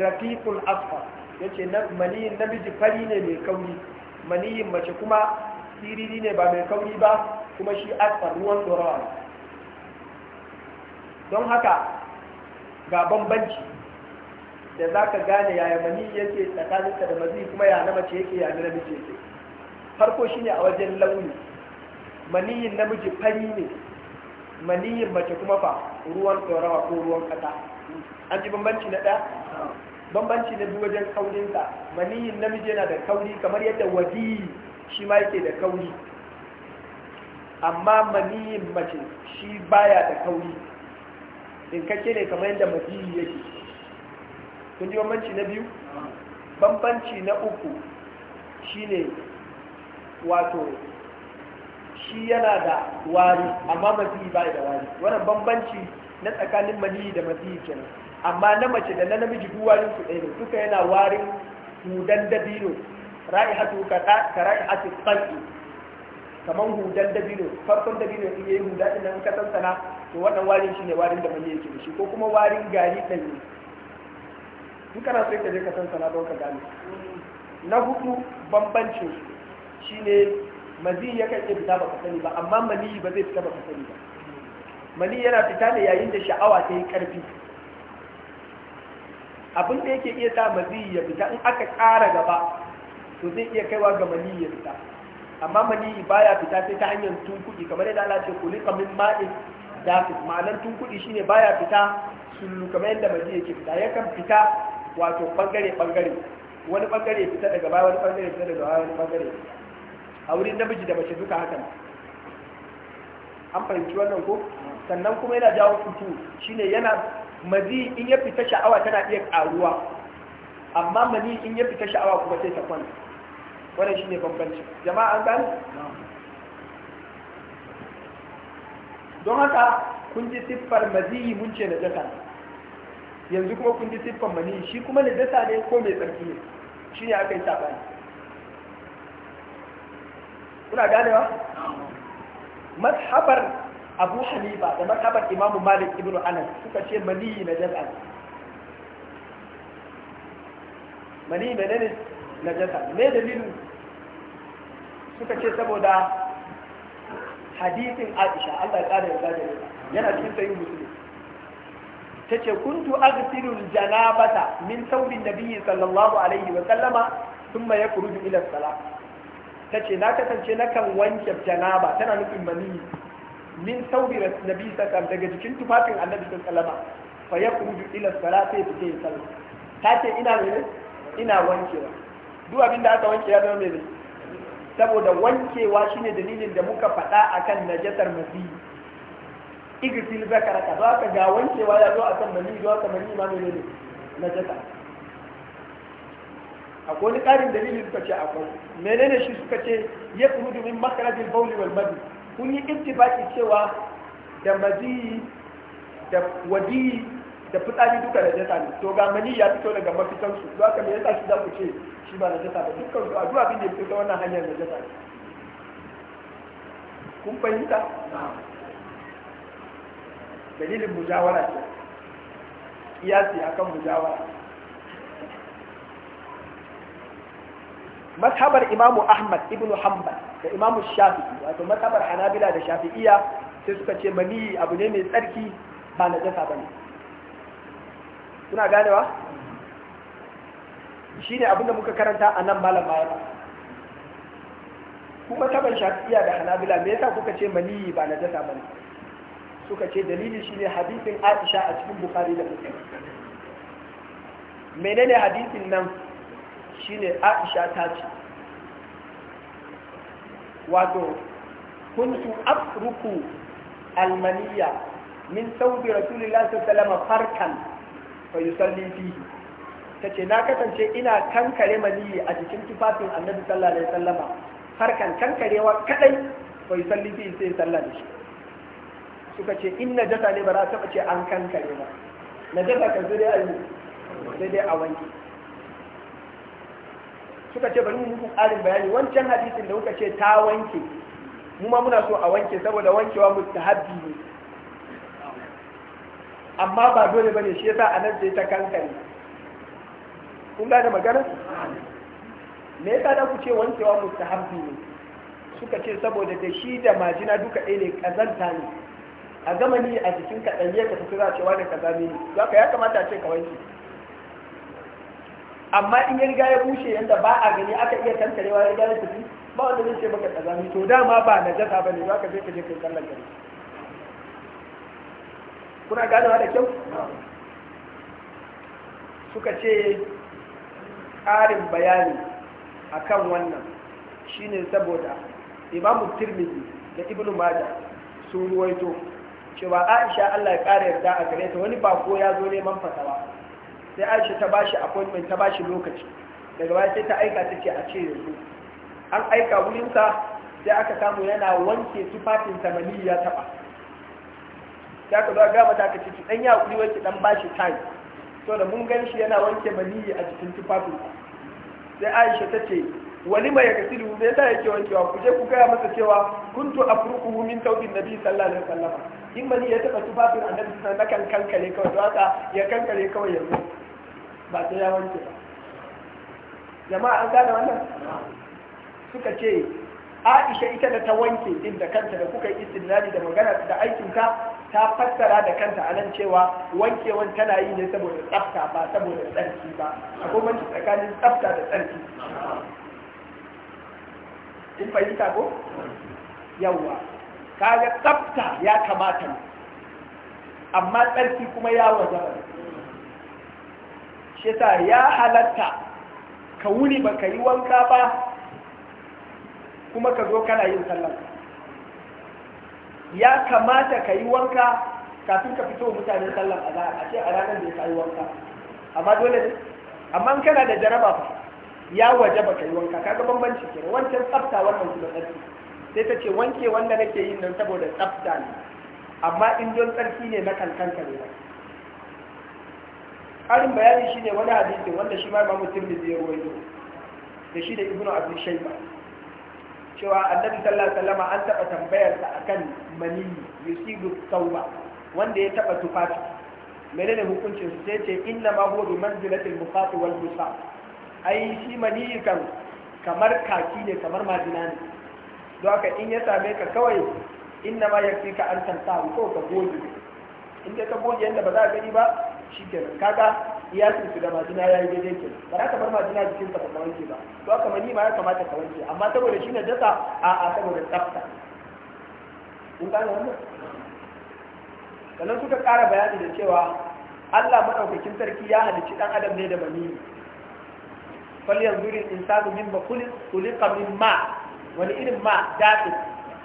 raqiqul asfar yace maniyin namiji fari ne mai kauri maniyin mace kuma siriri ne ba mai kauri ba kuma shi asfar ruwan dorawa don haka ga bambanci da za ka gane yaya mani yake tsakaninka da mazi kuma ya na mace yake ya na namiji yake farko ne a wajen launi maniyin namiji fari ne maniyin mace kuma fa ruwan ɗorawa ko ruwan ƙasa an ji bambanci na ɗaya bambanci na biyu wajen kaurinsa maniyin namiji yana da kauri kamar yadda wadi shi ma yake da kauri amma maniyin mace shi baya da kauri in kake ne kamar yadda mazi yake kun ji bambanci na biyu bambanci na uku shine wato shi yana da wari amma maziyi ba da wari wannan bambanci na tsakanin maniyi da maziyi kenan amma na mace da na namiji duk warin su ɗaya ne duka yana warin hudan dabino ra'ihatu ka ka ra'ihatu tsanki kamar hudan dabino farkon dabino in yayi huda din nan ka sana, to wannan warin shine warin da maniyi yake shi ko kuma warin gari ne. in kana so ka je ka sana don ka gane na hudu bambancin shine mazi ya kan iya fita ba ka sani ba amma mani ba zai fita ba ka sani ba mani yana fita ne yayin da sha'awa ta yi karfi abin da yake iya sa mazi ya fita in aka kara gaba to zai iya kaiwa ga mani ya fita amma mani baya fita sai ta hanyar tunkuɗi kamar yadda Allah ce kulika min ma'in dafis ma'anar tunkuɗi shine baya fita sun kamar yadda mazi yake fita yakan fita wato bangare bangare wani bangare fita daga baya wani bangare fita daga baya wani bangare a wurin namiji da mace duka hakan an fahimci wannan ko sannan kuma yana jawo fito shine yana mazi in ya fita sha'awa tana iya karuwa amma mani in ya fita sha'awa kuma sai ta kwanta wannan shine bambanci jama'a an gani don haka kun ji siffar mazi mun ce na jaka yanzu kuma kun ji siffan mani shi kuma dasa ne ko mai tsarki ne shi ne aka yi saɓani kuna ganewa Mashabar abu hanifa da mashabar imamu malik ibn anas suka ce mani na jasa ne mani menene na jasa ne dalilin suka ce saboda hadisin aisha allah ya ƙara yarda da yana cikin sayin musulmi tace kuntu aghsilu janabata min thawbin nabiyyi sallallahu alaihi wa sallama thumma yakhruju ila salat tace na kasance nakan wanke janaba tana nufin mani min thawbi nabiyyi sallallahu daga jikin tufafin annabi sallallahu fa yakhruju ila salat sai fite sallah tace ina ne ina wankewa duk abin da aka wanke ya zama mai saboda wankewa shine dalilin da muka faɗa akan najasar maziyi igfil zakaraka za ka ga wancewa ya zo a kan mani zuwa kan mani ma mene ne na jaka akwai wani ƙarin dalilin suka ce akwai menene shi suka ce ya kuma domin makarajin bauli wal madi kun yi ittifaki cewa da madi da wadi da fitsari duka da jata ne to ga mani ya fito daga mafitan su zuwa kan yasa shi za ku ce shi ba na jata ba dukkan su a zuwa abin da ya fito ta wannan hanyar na jata ne kun fahimta dalilin mujawara ce kiyasi akan mujawara mazhabar imamu ahmad Ibn hanbal da imamu shafi'i wato mazhabar hanabila da shafi'iya sai suka ce mani abu ne mai tsarki ba na jasa ba ne. kuna ganewa ne abinda muka karanta a nan malam baya kuma taban shafi'iya da hanabila me yasa kuka ce mani ba na jasa ba ne. suka ce dalili shine hadisin Aisha a cikin Bukhari da Muslim menene hadisin nan shine Aisha ta ce wato kuntu afruku almaniya min saubi rasulillah sallallahu farkan fa yusalli fihi ce na kasance ina kankare maniyi a jikin tufafin annabi sallallahu alaihi wasallama farkan kankarewa kadai fa yusalli fihi sai sallah da shi suka ce in jasa ne ba za taɓa ce an kankare ba Na jasa kan zo dai a yi sai dai a wanke. suka ce bari muku ƙarin bayani wancan hadisin da kuka ce ta wanke mu ma muna so a wanke saboda wankewa ta mustahabbi ne amma ba dole bane shi yasa anan sai ta kankare kun gane magana me yasa da ku ce wankewa ta mustahabbi ne suka ce saboda da shi da majina duka ɗaya ne ƙazanta ne a gama ni a jikin ka ɗanye ka tafi za cewa da kaza ne za ka ya kamata a ce ka wanke amma in ya riga ya bushe yadda ba a gani aka iya kankarewa ya riga ya tafi ba wanda zai ce baka kaza ne to dama ba na jasa ba ne za ka je ka je ka yi sallar gari kuna ganawa da kyau suka ce ƙarin bayani akan wannan shine saboda imamu tirmidhi da ibnu maja sun ruwaito cewa aisha allah ya ƙara yarda a gare ta wani bako ya zo neman fatawa sai aisha ta bashi appointment ta bashi lokaci daga baya sai ta aika ta ce a ce yanzu an aika wurinsa sai aka samu yana wanke tufafin samani ya taɓa sai aka zo ga mata aka ce dan ya kuri wanke dan bashi time to da mun gan shi yana wanke maniyi a jikin tufafin sai aisha ta ce wani mai gasilu me yasa yake wankewa ku je ku gaya masa cewa kuntu afruquhu min tawbin nabi sallallahu alaihi wasallam in mani ya taɓa tufafin annabi sun na kan kankare kawai to haka ya kankare kawai yanzu ba sai ya wanke ba jama'a an gane wannan suka ce aisha ita da ta wanke din da kanta da kuka yi istinadi da magana da aikin ta fassara da kanta a nan cewa wankewan tana yi ne saboda tsafta ba saboda tsarki ba akwai banci tsakanin tsafta da tsarki in fahimta ko yawwa kaga tsafta ya kamata ne amma tsarki kuma ya wajaba ba. shi ya halatta ka wuni ba ka yi wanka ba kuma ka zo kana yin sallar ya kamata ka yi wanka kafin ka fito mutane sallar a a ce a ranar da ya yi wanka amma dole ne amma kana da jaraba ba. ya waje ba ka yi wanka kaga bambanci kenan wancan tsafta wannan da tsarki sai ta ce wanke wanda nake yin nan saboda tsafta ne amma in don tsarki ne na kankanta ne ƙarin bayani shi ne wani hadisi wanda shi ma imamu tirmidhi ya ruwaito da shi da ibnu abu shaiba. cewa annabi sallallahu alaihi wasallam an taɓa tambayar sa akan maniyyi yusibu tauba wanda ya taɓa tufafi menene hukuncin su sai ce inna ma huwa bi manzilatil wal musa ai shi maniyyi kan kamar kaki ne kamar majina ne don haka in ya same ka kawai inna ma ya fi ka an tanta ko ka goge in dai ka goge yadda ba za a gani ba shi ke kaga ya su da majina ya yi daidai ke. ba za ka bar majina jikin ka ba wanke ba don haka mani ma ya kamata ka wanke amma saboda shi na dasa a a saboda tsafta in gane wannan sannan suka ƙara bayani da cewa Allah maɗaukakin sarki ya halicci ɗan adam ne da maniyyi fal yanzuri insanu mimma kulika min ma wani irin ma dafi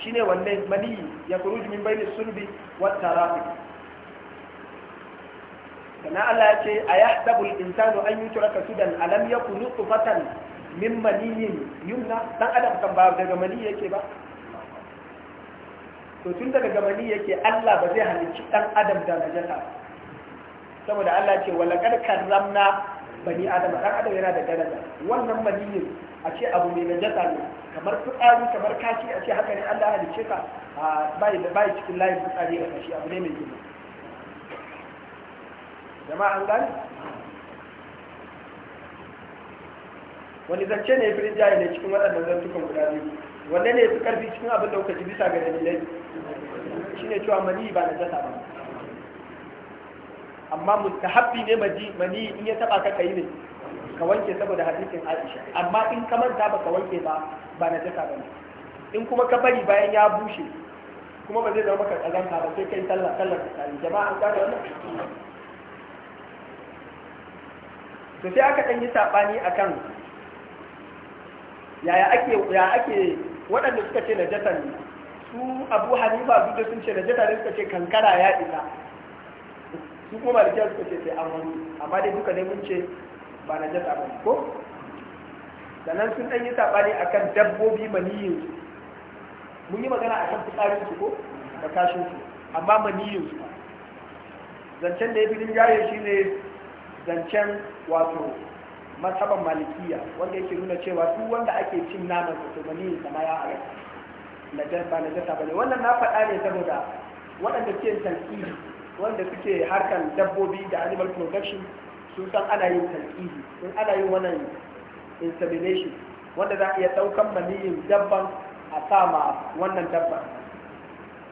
shine wanne maniyi ya kuruji min bayni sulbi wat tarafiq kana Allah ya ce a ayahdabu al-insanu an yi yutraka sudan alam ya yakun nutfatan min maniyin yumna dan adam kan ba daga mani yake ba to tun daga gamani yake Allah ba zai halicci dan adam da najasa saboda Allah ya ce wala kad karramna bani adama dan adam yana da daraja wannan maniyin a ce abu mai najasa ne kamar fitsari kamar kashi a ce haka ne Allah ya halice ka bai da bai cikin layin fitsari da kashi abu ne mai girma jama'a an gani. wani zance ne firin jaye ne cikin waɗannan zantukan guda biyu wanne ne ya fi ƙarfi cikin abin da kuka ji bisa ga dalilai shine cewa mani ba najasa ba amma mustahabbi ne maji mani in ya taba ka kai ne ka wanke saboda hadisin Aisha amma in ka manta baka wanke ba ba na jaka bane in kuma ka bari bayan ya bushe kuma ba zai zama maka kazanta ba sai kai sallah sallah ta jama'a an gane wannan to sai aka dan yi sabani akan yaya ake ya ake waɗanda suka ce najasa ne su Abu Hanifa duk da sun ce najasa ne suka ce kankara ya isa su kuma malikiya suka ce sai an amma dai duka ne mun ce ba na jasa ba ko sannan sun ɗan yi saɓani a kan dabbobi maniyin mun yi magana a kan fitsarin su ko da kashin su amma maniyin su zancen da ya fi rinjaye shi ne zancen wato masaban malikiya wanda yake nuna cewa duk wanda ake cin naman su to maniyin sama ya halatta na jasa ba na jasa ba ne wannan na faɗa ne saboda waɗanda ke tankiri wanda suke harkan dabbobi da animal production sun san ana yin talƙihi sun ana yin wannan insemination wanda za a iya ɗaukan maniyin dabban a sama wannan dabban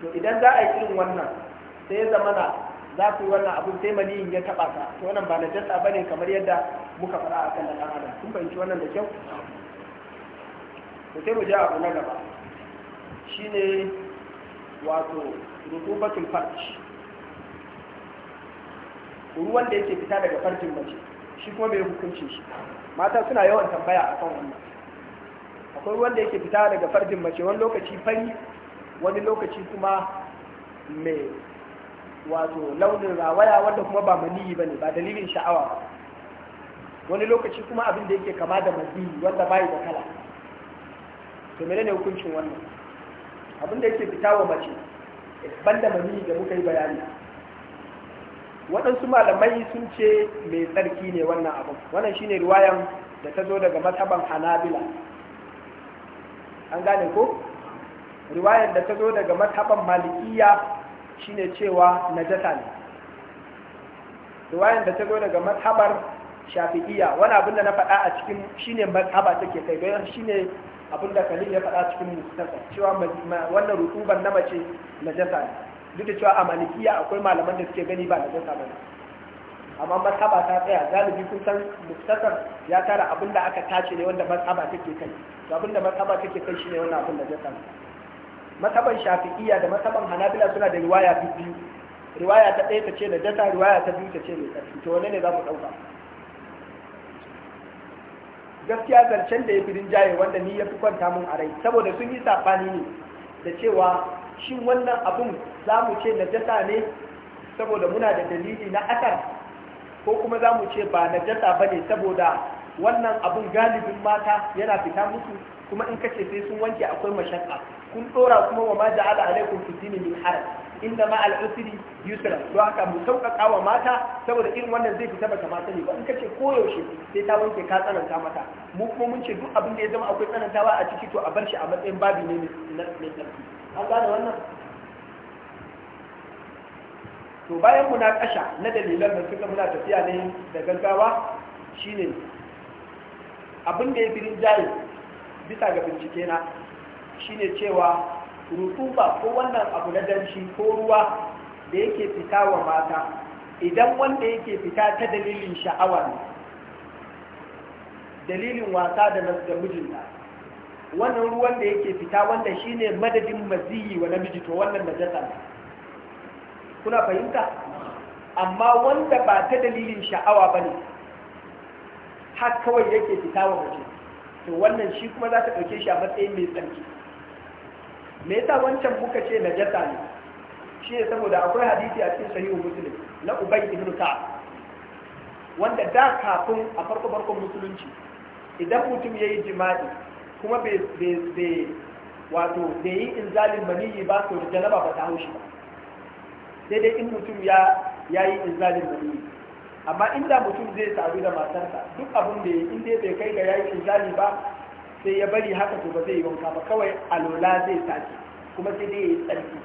to idan za a yi irin wannan sai ya zamana za ku yi wannan abun sai maniyin ya taɓa ka to wannan ba najasa ba ne kamar yadda muka faɗa a kan ɗan adam kun fahimci wannan da kyau to sai mu je abu na gaba shine wato rutubatul farj ruwan da yake fita daga farjin mace shi kuma bai hukunci shi mata suna yawan tambaya akan wannan akwai ruwan da yake fita daga farjin mace wani lokaci fari wani lokaci kuma mai wato launin rawaya wanda kuma ba maniyi ne ba dalilin sha'awa ba wani lokaci kuma abin da yake kama da maniyi wanda bai da kala to ne hukuncin wannan abin da yake fita wa mace banda maniyi da muka yi bayani waɗansu malamai sun ce mai tsarki ne wannan abin wannan shine ruwayan da ta zo daga matsaban hanabila an gane ko ruwayan da ta zo daga matsaban malikiya shine cewa najasa ne ruwayan da ta zo daga matsabar shafi'iya wani abin da na faɗa a cikin shine matsaba take kai don shine abin da kalil ya faɗa cikin mustasa cewa wannan rutuban na mace najasa ne duk da cewa a malikiya akwai malaman da suke gani ba da zai ba amma masaba ta tsaya galibi kun san muktasar ya tara abin da aka tace ne wanda masaba take kai to abin da masaba take kai shine wannan abin da jasa masaban shafi'iyya da masaban hanabila suna da riwaya biyu riwaya ta ɗaya ta ce da data riwaya ta biyu ta ce mai ƙarfi to wanne ne za mu ɗauka gaskiya zancen da ya fi rinjaye wanda ni ya fi kwanta mun a rai saboda sun yi saɓani ne da cewa shin wannan abun za mu ce najasa ne saboda muna da dalili na akar ko kuma za mu ce ba najasa ba ne saboda wannan abun galibin mata yana fita mutu? kuma in kace sai sun wanke akwai mashaka kun dora kuma wa ma ala alaikum fi dini min haraj inda ma al'usri yusra to haka mu sauƙaƙa wa mata saboda irin wannan zai fita bata mata ne? ba in kace koyaushe sai ta wanke ka tsananta mata mu kuma mun ce duk abin da ya zama akwai tsanantawa a ciki to a bar shi a matsayin babi ne na an gane wannan to bayan muna kasha na dalilan da suka muna tafiya ne da gaggawa shine abin da ya fi rinjaye bisa ga bincike na shine cewa rutuba ko wannan abu na danshi ko ruwa da yake fita wa mata idan wanda yake fita ta dalilin sha'awa ne dalilin wasa da mijinta wannan ruwan da yake fita wanda shine madadin maziyi wa namiji to wannan najasa ne kuna fahimta amma wanda ba ta dalilin sha'awa ba ne har kawai yake fita wa mace to wannan shi kuma za ta ɗauke shi a matsayin mai tsarki me yasa wancan muka ce najasa ne shi ne saboda akwai hadisi a cikin sahihu muslim na ubay ibn ka'ab wanda da kafin a farko farkon musulunci idan mutum yayi jima'i kuma bai wato bai yi in inzalin maniyi ba to da janaba ba ta haushi ba sai dai in mutum ya ya yi inzalin maniyi amma inda mutum zai sadu da matarsa duk abin da ya inda bai kai ga yayi zali ba sai ya bari haka to ba zai yi wanka ba kawai alola zai sace kuma sai dai ya yi tsarki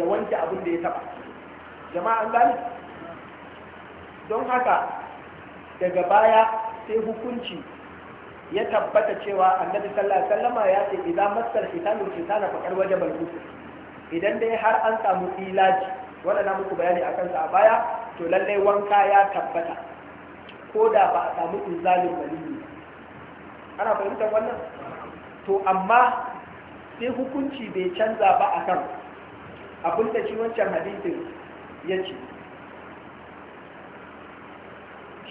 ya wanke abin da ya taba jama'a an gani don haka daga baya sai hukunci ya tabbata cewa annabi sallallahu alaihi wasallama ya ce idan masar fitanu fitana fakar waje balkusu idan dai har an samu ilaji wanda na muku bayani akan sa a baya to lallai wanka ya tabbata ko da ba a samu izalin ne? ana fahimtar wannan to amma sai hukunci bai canza ba akan abinda shi wancan hadisin ya ce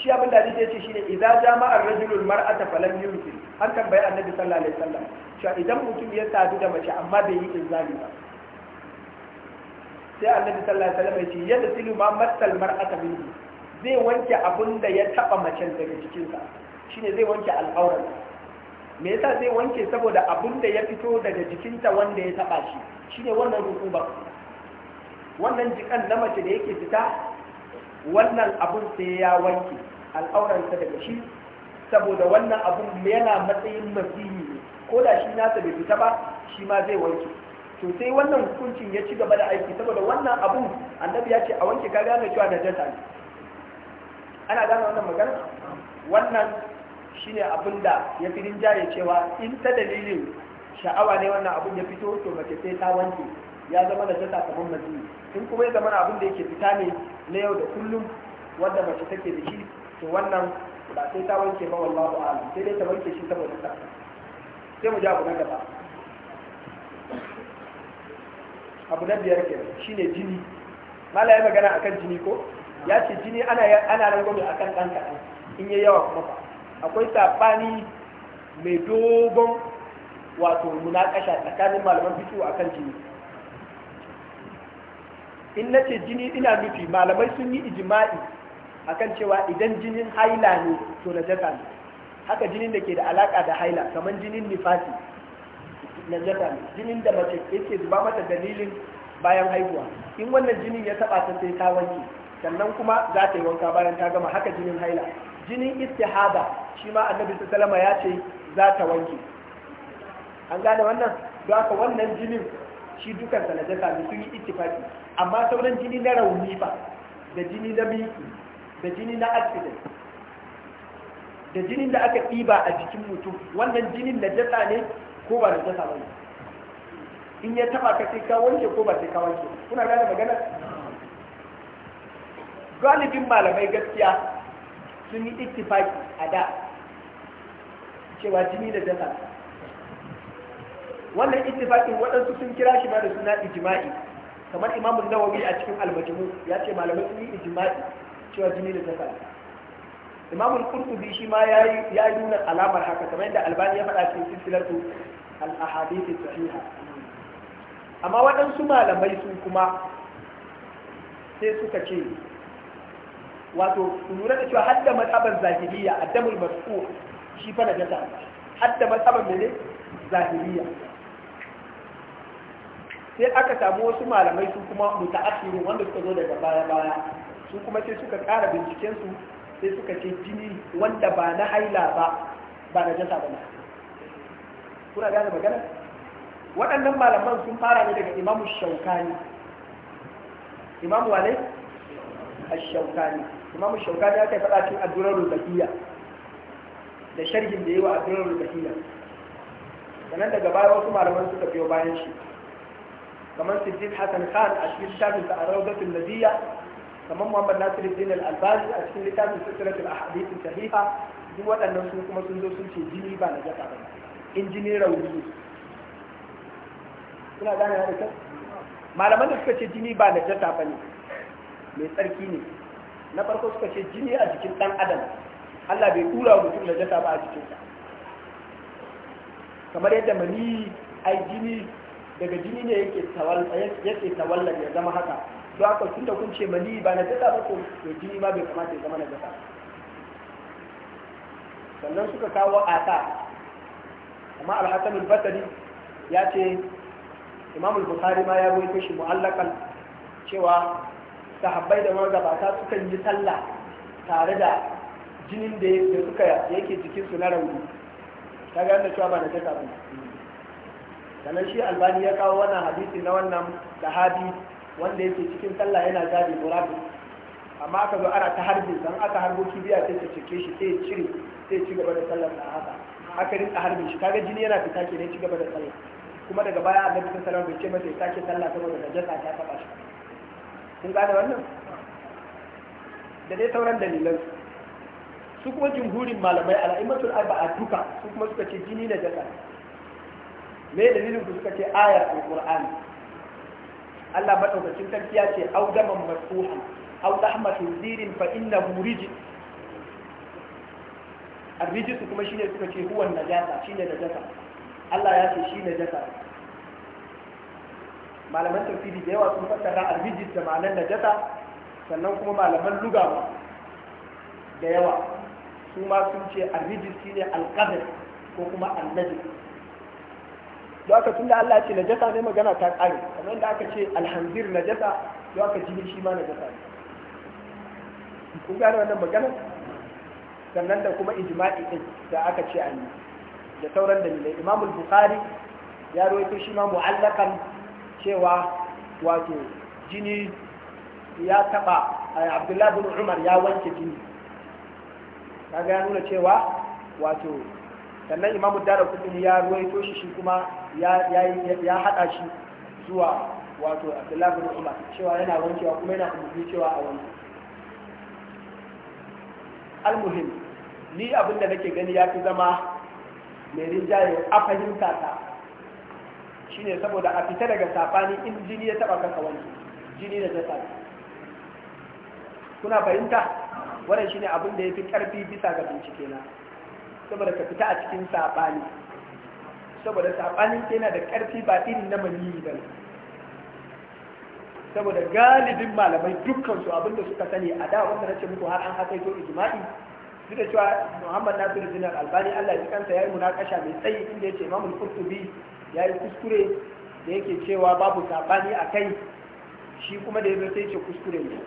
shi abin da ce shi shine idza jama'a ar-rajulu al-mar'ata falam har an tambayi annabi sallallahu alaihi wasallam cewa idan mutum ya sadu da mace amma bai yi inzali ba sai annabi sallallahu alaihi wasallam ya ce yadda silu ma masal mar'ata minhu zai wanke abin da ya taba mace daga Shi shine zai wanke al'auran me yasa zai wanke saboda abin da ya fito daga jikinta wanda ya taba shi shine wannan rukuba wannan jikan na mace da yake fita wannan abun sai ya wanke al'auransa daga shi saboda wannan abun yana matsayin masihi ne ko da shi nasa bai fita ba shi ma zai wanke to sai wannan hukuncin ya ci gaba da aiki saboda wannan abun annabi ya ce a wanke ka gane cewa jata ne ana gane wannan magana wannan shine abin da ya fi rinjaye cewa in ta dalilin sha'awa ne wannan abun ya fito to mace sai ta wanke ya zama da jata kamar mazi in kuma ya zama abin da yake fita ne na yau da kullum wanda mace take da shi to wannan ba sai ta wanke ba wallahu a'lam sai dai ta wanke shi saboda ta sai mu ji abu na gaba abu na biyar ke shine jini mala ya magana akan jini ko ya ce jini ana ana rangwame akan danka kaɗan in yi yawa kuma ba akwai saɓani mai dogon wato munakasha tsakanin malaman fiƙi akan jini in na ce jini ina nufi malamai sun yi ijima'i akan cewa idan jinin haila ne to najasa ne haka jinin da ke da alaka da haila kamar jinin nifasi najasa ne jinin da mace yake zuba mata dalilin bayan haihuwa in wannan jinin ya taba ta sai ta wanke sannan kuma za ta yi wanka bayan ta gama haka jinin haila jinin istihada shi ma annabi sallama ya ce za ta wanke an gane wannan don haka wannan jinin shi dukansa sanadaka ne sun yi ittifaki amma sauran jini na rauni fa da jini na miki da jini na accident da jinin da aka ɗiba a jikin mutum wannan jinin na jasa ne ko ba na jasa ba ne in ya taba ka sai ka wanke ko ba sai ka wanke kuna gane magana galibin malamai gaskiya sun yi ittifaki a da cewa jini da jasa wannan ittifakin waɗansu sun kira shi ma da suna ijima'i kamar imamun nawawi a cikin almajimu ya ce malamai sun yi ijima'i cewa jini da kasa imam al-qurtubi shi ma yayi ya nuna alamar haka kamar yadda albani ya faɗa cikin silsilatu al-ahadith sahiha amma waɗansu malamai su kuma sai suka ce wato ku lura da cewa hadda mazhaban zahiriya addamul masfu shi fa na gata hadda mazhaban ne zahiriya sai aka samu wasu malamai su kuma muta'akhirun wanda suka zo daga baya baya su kuma sai suka ƙara bincikensu sai suka ce jini wanda ba na haila ba ba na jasa ba na kuna gane magana waɗannan malaman sun fara ne daga imamu shaukani imamu A shaukani imamu shaukani ya kai faɗa cin addurar rubahiyya da sharhin da yi wa addurar rubahiyya sannan daga baya wasu malaman suka biyo bayan shi kamar siddiq Hassan, khan a cikin shafin sa a rawdatul kamar muhammad nasir din al-albani a cikin littafin sisiratul ahadith sahiha duk waɗannan sun kuma sun zo sun ce jini ba na jaka ba in jini rauni kuna gane da ita malaman da suka ce jini ba na jata ba ne mai tsarki ne na farko suka ce jini a jikin ɗan adam Allah bai tura mutum na jata ba a jikin ta. kamar yadda mani ai jini daga jini ne yake tawalla ya zama haka to aka tun da kun ce mali ba na jasa ba ko to jini ma bai kamata ya zama na jasa sannan suka kawo ata amma al-hasan al ya ce Imamul al-bukhari ma ya goyi shi mu'allakan cewa sahabbai da magabata suka yi talla tare da jinin da suka yake jikinsu na rauni ta ga yadda cewa ba na jasa ba sannan shi albani ya kawo wannan hadisi na wannan sahabi wanda yake cikin sallah yana gadi murabi amma aka zo ana ta harbin san aka harbo kibiya sai ta cike shi sai cire sai ci gaba da sallar da haka aka rinka harbin shi kaga jini yana fita kenan ci gaba da sallah kuma daga baya annabi sallallahu alaihi wasallam bai ce masa ya sake sallah saboda najasa ta taba shi kun gane wannan da dai sauran dalilan su kuma jumhurin malamai al'aimatul arba'a duka su kuma suka ce jini najasa me dalilin ku suka ce ayar alqur'ani Allah madaukakin sarki ya ce au daman masfuhan au lahma khinzirin fa innahu rijis arrijis kuma shine suka ce huwa najasa shine najasa Allah ya ce shi najasa malaman tafsiri da yawa sun fassara arrijis da ma'anar najasa sannan kuma malaman lugawa da yawa su ma sun ce arrijis shine alqadar ko kuma annajis lokacin da Allah ce najasa ne magana ta kare, kamar da aka ce alhamdir najasa yau aka jini shi ma najasa ne kun gane wannan magana sannan da kuma ijma'i din da aka ce an yi da sauran dalilai al bukhari ya rawaito shi ma mu'allakan cewa wato jini ya taba eh, abdullahi bin umar ya wanke jini kaga ya nuna cewa wato sannan imamu dara kudin ya ruwaito shi shi kuma ya haɗa shi zuwa wato abdullahi bin umar cewa yana wankewa kuma yana umarni cewa a wanke almuhim ni abin da nake gani ya fi zama mai rinjaye a fahimta ta shine saboda a fita daga safani in jini ya taba kasa wanke jini da zata kuna fahimta wannan shine abin da ya fi karfi bisa ga bincike na saboda ka fita a cikin safani saboda sabanin yana da ƙarfi ba irin na maniyi ba saboda galibin malamai dukkan su abinda suka sani a da wanda ce muku har an hakaito ijima'i duk da cewa Muhammad Nasir zinar Albani Allah ya kansa ya yi munakasha mai tsayi inda ce Imam al ya yi kuskure da yake cewa babu a kai. shi kuma da ya sai ce kuskure ne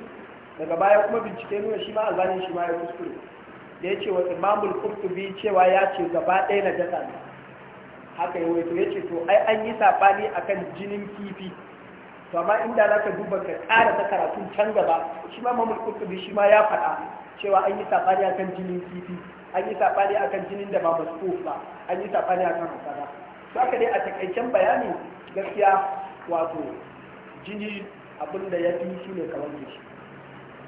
daga baya kuma bincike nuna shi ma Albani shi ma ya kuskure da ce wa Imam al cewa ya ce gaba ɗaya na jasa ne haka ya waito ya ce to ai an yi saɓani kan jinin kifi to amma inda za ka duba ka ƙara ta karatun can gaba shi ma mamul kurkubi shi ma ya faɗa cewa an yi saɓani kan jinin kifi an yi saɓani kan jinin da ba masu ba an yi saɓani kan masara to haka dai a takaicen bayani gaskiya wato jini abin da ya fi shi ne kamar shi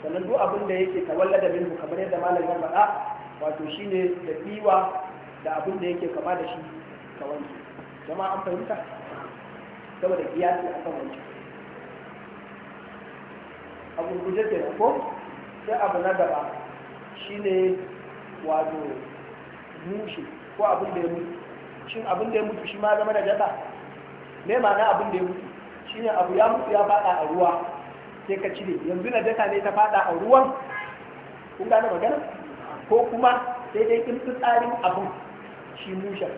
sannan duk abin da yake tawalla da minhu kamar yadda malam ya faɗa wato shine da biwa da abin da yake kama da shi wanke jama'a an fahimta saboda kiyasi akan wanke a gurguje ke ko sai abu na gaba shine wato mushi ko abin da ya mutu shin abin da ya mutu shi ma zama da jasa me ma'ana abin da ya mutu shine abu ya mutu ya fada a ruwa sai ka cire yanzu na jasa ne ta fada a ruwan kun gane magana ko kuma sai dai in fitsarin abin shi mushi?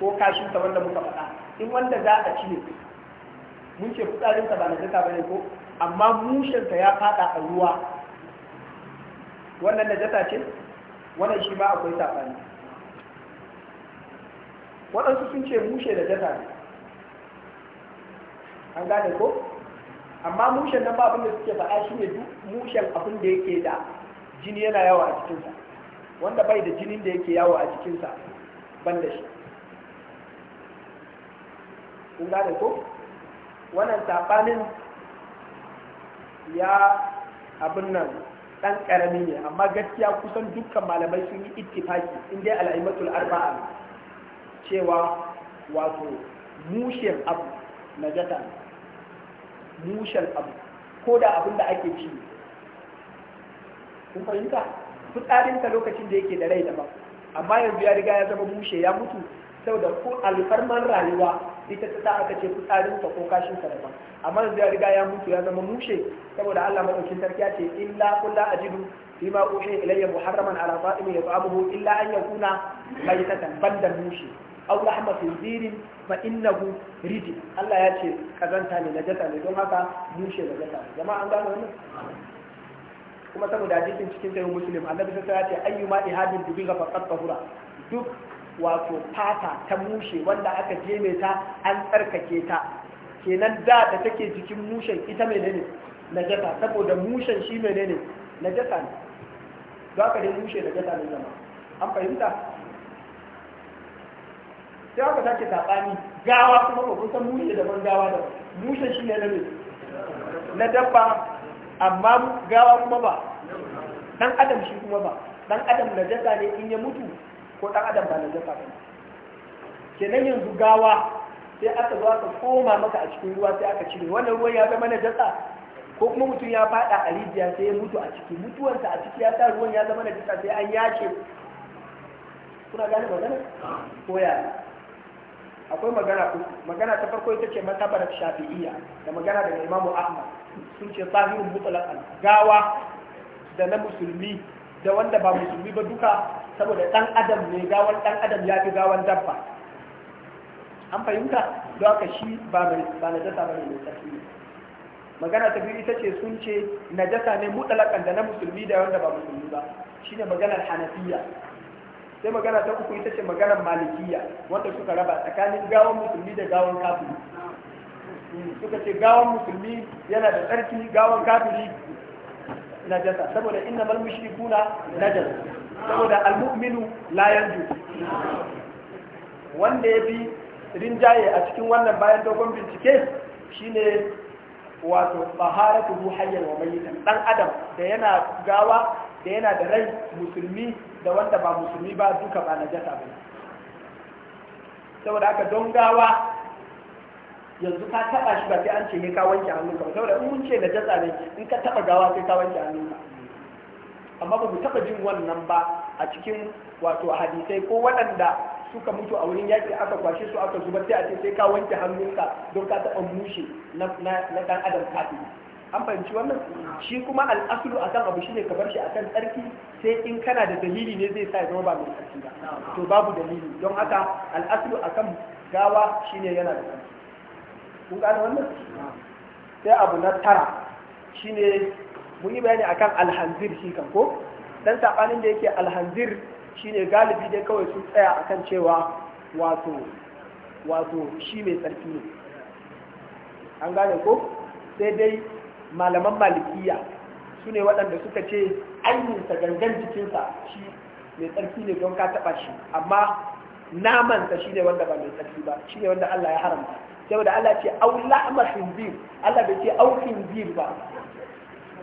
ko kashin sa wanda muka faɗa in wanda za a cire mun ce fitsarin ba na jasa bane ko amma mushin ya fada a ruwa wannan da jata ce wannan shi ba akwai sabani waɗansu sun ce mushe da jasa ne an gane ko amma mushen nan ba abin da suke faɗa shi ne duk mushen abin da yake da jini yana yawo a cikinsa wanda bai da jinin da yake yawo a cikinsa ban da shi kun gane ko wannan saɓanin ya abin nan ɗan ƙarami ne amma gaskiya kusan dukkan malamai sun yi ittifaki inda dai al'aimatul arba'a cewa wato mushen abu na jata mushen abu ko da abin da ake ci kun fahimta fitsarinka lokacin da yake da rai daban amma yanzu ya riga ya zama mushe ya mutu saboda ko alfarman rayuwa ita ta sa aka ce fitsarinsa ko kashinsa daban amma yanzu ya riga ya mutu ya zama mushe saboda Allah madaukin sarki ya ce illa kullu ajidu فيما أوحي إلي محرما على طائم يطعمه إلا أن يكون ميتة بندا موشي أو لحم خنزير فإنه رجل الله يأتي كذنتا لنجسة لدون هكا موشي نجسة an gano هنا kuma saboda hadisin cikin sayin muslim annabi sai ya ce ayyuma ihadin dubiga faqad tahura duk wato fata ta mushe wanda aka jeme ta an tsarkake ta kenan da da take jikin mushen ita menene najasa saboda mushen shi menene najasa ne za ka dai mushe najasa ne zama an fahimta sai aka sake saɓani gawa kuma ba kun san mushe ban gawa da. mushen shi ne na me na dabba amma gawa kuma ba dan adam shi kuma ba dan adam najasa ne in ya mutu ko ɗan adam ba na jasa ba kenan yanzu gawa sai aka zo aka koma maka a cikin ruwa sai aka cire wannan ruwan ya zama na jasa ko kuma mutum ya faɗa a rijiya sai ya mutu a ciki mutuwansa a ciki ya sa ruwan ya zama na jasa sai an yace kuna gane magana ko ya akwai magana magana ta farko ita ce matabar shafi'iyya da magana daga imamu ahmad sun ce sahihun mutalaqan gawa da na musulmi da wanda ba musulmi ba duka saboda dan adam ne gawan dan adam ya fi gawan dabba an fahimta don haka shi ba ba najasa ba ne mai tsarki magana ta biyu ita ce sun ce najasa ne mutalakan da na musulmi da wanda ba musulmi ba shine maganar hanafiya sai magana ta uku ita ce maganar malikiya wanda suka raba tsakanin gawan musulmi da gawan kafiri suka ce gawan musulmi yana da tsarki gawan kafiri najasa saboda inna bal mushrikuna najasa saboda almu'minu la yanju wanda ya bi rinjaye a cikin wannan bayan dogon bincike shine wato baharatu ruhayyan wa mayyitan dan adam da yana gawa da yana da rai musulmi da wanda ba musulmi ba duka ba najasa ba saboda haka don gawa yanzu ka taba shi ba sai an ce ne ka wanke hannunka ba saboda in mun ce na jatsa ne in ka taba gawa sai ka wanke hannunka amma ba mu taba jin wannan ba a cikin wato hadisai ko waɗanda suka mutu a wurin yaƙi aka kwashe su aka zuba sai a ce sai ka wanke hannunka don ka taba mushe na ɗan adam kafin an fahimci wannan shi kuma al'asulu akan abu shine ka bar shi akan tsarki sai in kana da dalili ne zai sa ya zama ba mai tsarki ba to babu dalili don haka al'asulu akan gawa shine yana da tsarki kun gane wannan sai abu na tara shine mun yi bayani akan alhanzir shi kan ko dan sabanin da yake alhanzir shine galibi dai kawai sun tsaya akan cewa wato wato shi mai tsarki ne an gane ko sai dai malaman malikiya su ne waɗanda suka ce ainihinsa gangan jikinsa shi mai tsarki ne don ka taɓa shi amma namansa shi ne wanda ba mai tsarki ba shi ne wanda Allah ya haramta saboda Allah ce au lahma khinzir Allah bai ce au khinzir ba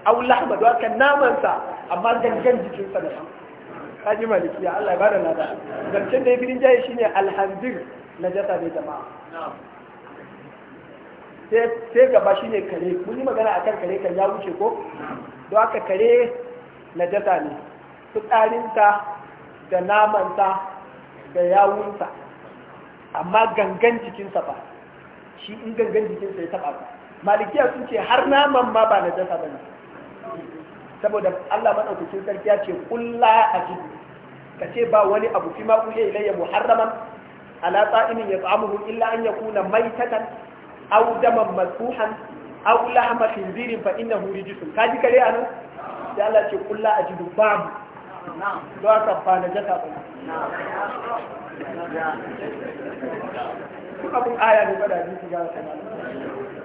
au lahma da haka namansa amma gangan jikin sa da shi kaji malikiya Allah ya bada nada zancen da ya birin jaye shine alhanzir na jasa ne jama'a sai gaba shine kare mun yi magana akan kare kan ya wuce ko don haka kare na jasa ne fitsarinsa da namansa da yawunsa amma gangan jikinsa ba shi in gangan jikinsa ya ta ka malikiya sun ce har naman ma ba najasa bane saboda Allah madaukakin sarki ya ce kulla ajid ka ce ba wani abu fi ma uliya ilayya muharraman ala ta'imin yat'amuhu illa an yakuna maitatan aw daman masuhan aw lahma khinzirin fa innahu rijsun kaji kare a nan sai Allah ce kulla ajib ba na'am don haka ba najasa bane na'am duk abin aya ne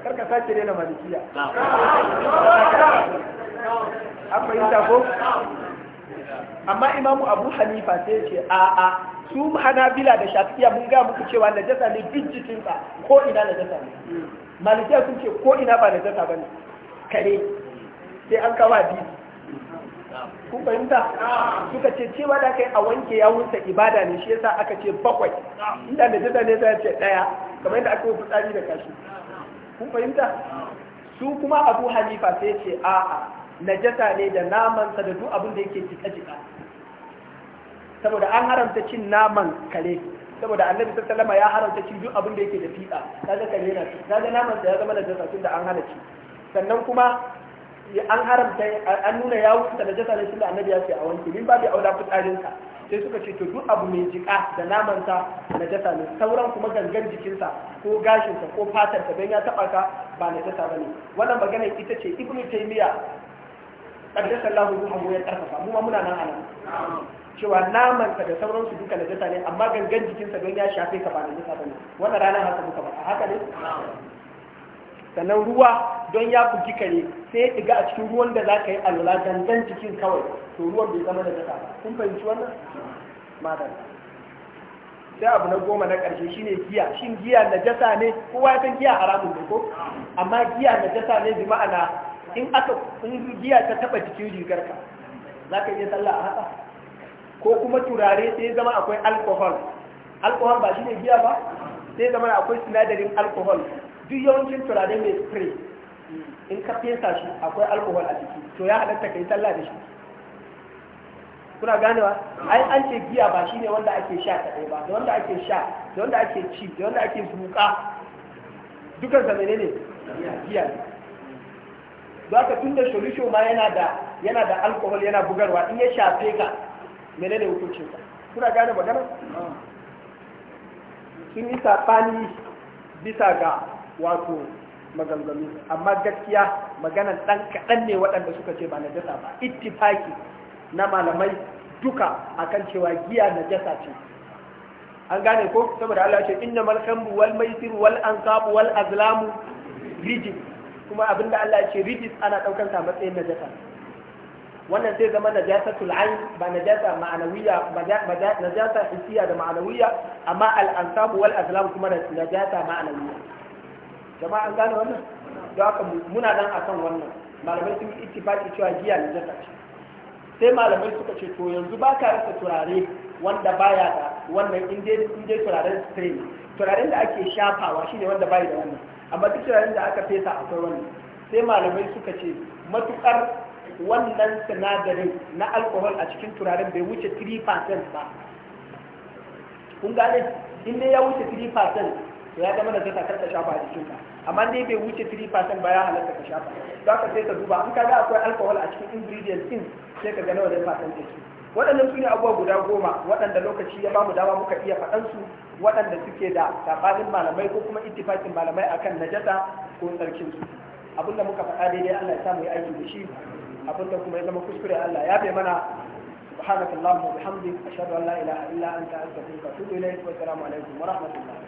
kar ka sake daina malikiya an fahimta ko amma imamu abu hanifa sai ce a'a su hanabila da shafiya mun ga muku cewa jasa ne duk jikinsa ko ina jasa ne malikiya sun ce ko ina ba jasa ba ne kare sai an kawo hadisi kun fahimta suka ce cewa da kai a wanke yawunsa ibada ne shi yasa aka ce bakwai inda da jada ne zai ce daya kamar yadda aka yi fitsari da kashi kun fahimta su kuma abu hanifa sai ce a'a najasa ne da namansa da duk abin da yake jika-jika saboda an haramta cin naman kare saboda annabi sallama ya haramta cin duk abin da yake da fiƙa kaga kare na kaga naman sa ya zama najasa tun da an hana ci sannan kuma an haramta an nuna ya wuce da jasa ne tunda annabi ya ce a wanke min babu fitarin fitsarinsa sai suka ce to duk abu mai jika da sa na jasa ne sauran kuma gangan jikinsa ko gashinsa ko sa dan ya taba ka ba na jasa bane wannan magana ita ce ibnu taymiya qaddasa Allahu ya karfafa mu ma muna nan anan cewa namansa da sauransu duka na jasa ne amma gangan jikinsa don ya shafe ka ba na jasa bane wannan ranar haka muka ba haka ne sannan ruwa don ya bugi kare sai ya ɗiga a cikin ruwan da za ka yi alwala dandan cikin kawai to ruwan bai zama da daga ba kun fahimci wannan madan sai abu na goma na ƙarshe shine giya shin giya na jasa ne kowa ya san giya haramun ne ko amma giya na jasa ne bi ma'ana in aka in giya ta taba cikin ka, za ka iya sallah a haka ko kuma turare sai zama akwai alkohol, alkohol ba shine giya ba sai zama akwai sinadarin alkohol. duk yawancin turare mai spray in ka fesa shi akwai alkohol a ciki to ya halatta ka yi sallah da shi kuna ganewa ai an ce giya ba shine wanda ake sha kadai ba da wanda ake sha da wanda ake ci da wanda ake buka dukan sa menene giya ne za ka tunda shorisho ma yana da yana da alkohol yana bugarwa in ya shafe ka menene hukuncin ka kuna gane magana sun yi sabani bisa ga wato maganganu amma gaskiya maganar ɗan kaɗan ne waɗanda suka ce ba najasa ba ittifaki na malamai duka akan cewa giya najasa ce an gane ko saboda Allah ce inna mal khamru wal maisir wal ansab wal azlamu rijis kuma abinda Allah ce rijis ana daukar ta matsayin najasa wannan sai zama najasatul ayn ba najasa ma'anawiya ba najasa hissiya da ma'anawiya amma al ansab wal azlam kuma najasa ma'anawiya jama'a an gane wannan don haka muna nan akan wannan malamai sun yi ittifaki cewa giya ne jasa ce sai malamai suka ce to yanzu ba ka rasa turare wanda baya da wannan in dai turaren spray turaren da ake shafawa shine wanda bai da wannan amma duk turaren da aka fesa akwai wannan sai malamai suka ce matukar wannan sinadarin na alkohol a cikin turaren bai wuce 3% ba kun gane in dai ya wuce 3% ya zama da zata karka shafa a jikinka amma dai bai wuce 3% ba ya halatta ka shafa za ka sai ka duba an kaga akwai alcohol a cikin ingredients din sai ka ga nawa da su waɗannan su ne abubuwa guda goma waɗanda lokaci ya bamu dama muka iya faɗan su waɗanda suke da sabanin malamai ko kuma ittifakin malamai akan najasa ko tsarkin su abinda muka faɗa daidai Allah ya samu ya aiki da shi abinda kuma ya zama kuskure Allah ya bai mana سبحانك اللهم وبحمدك أشهد أن لا إله إلا أنت أستغفرك وأتوب إليك والسلام عليكم ورحمة الله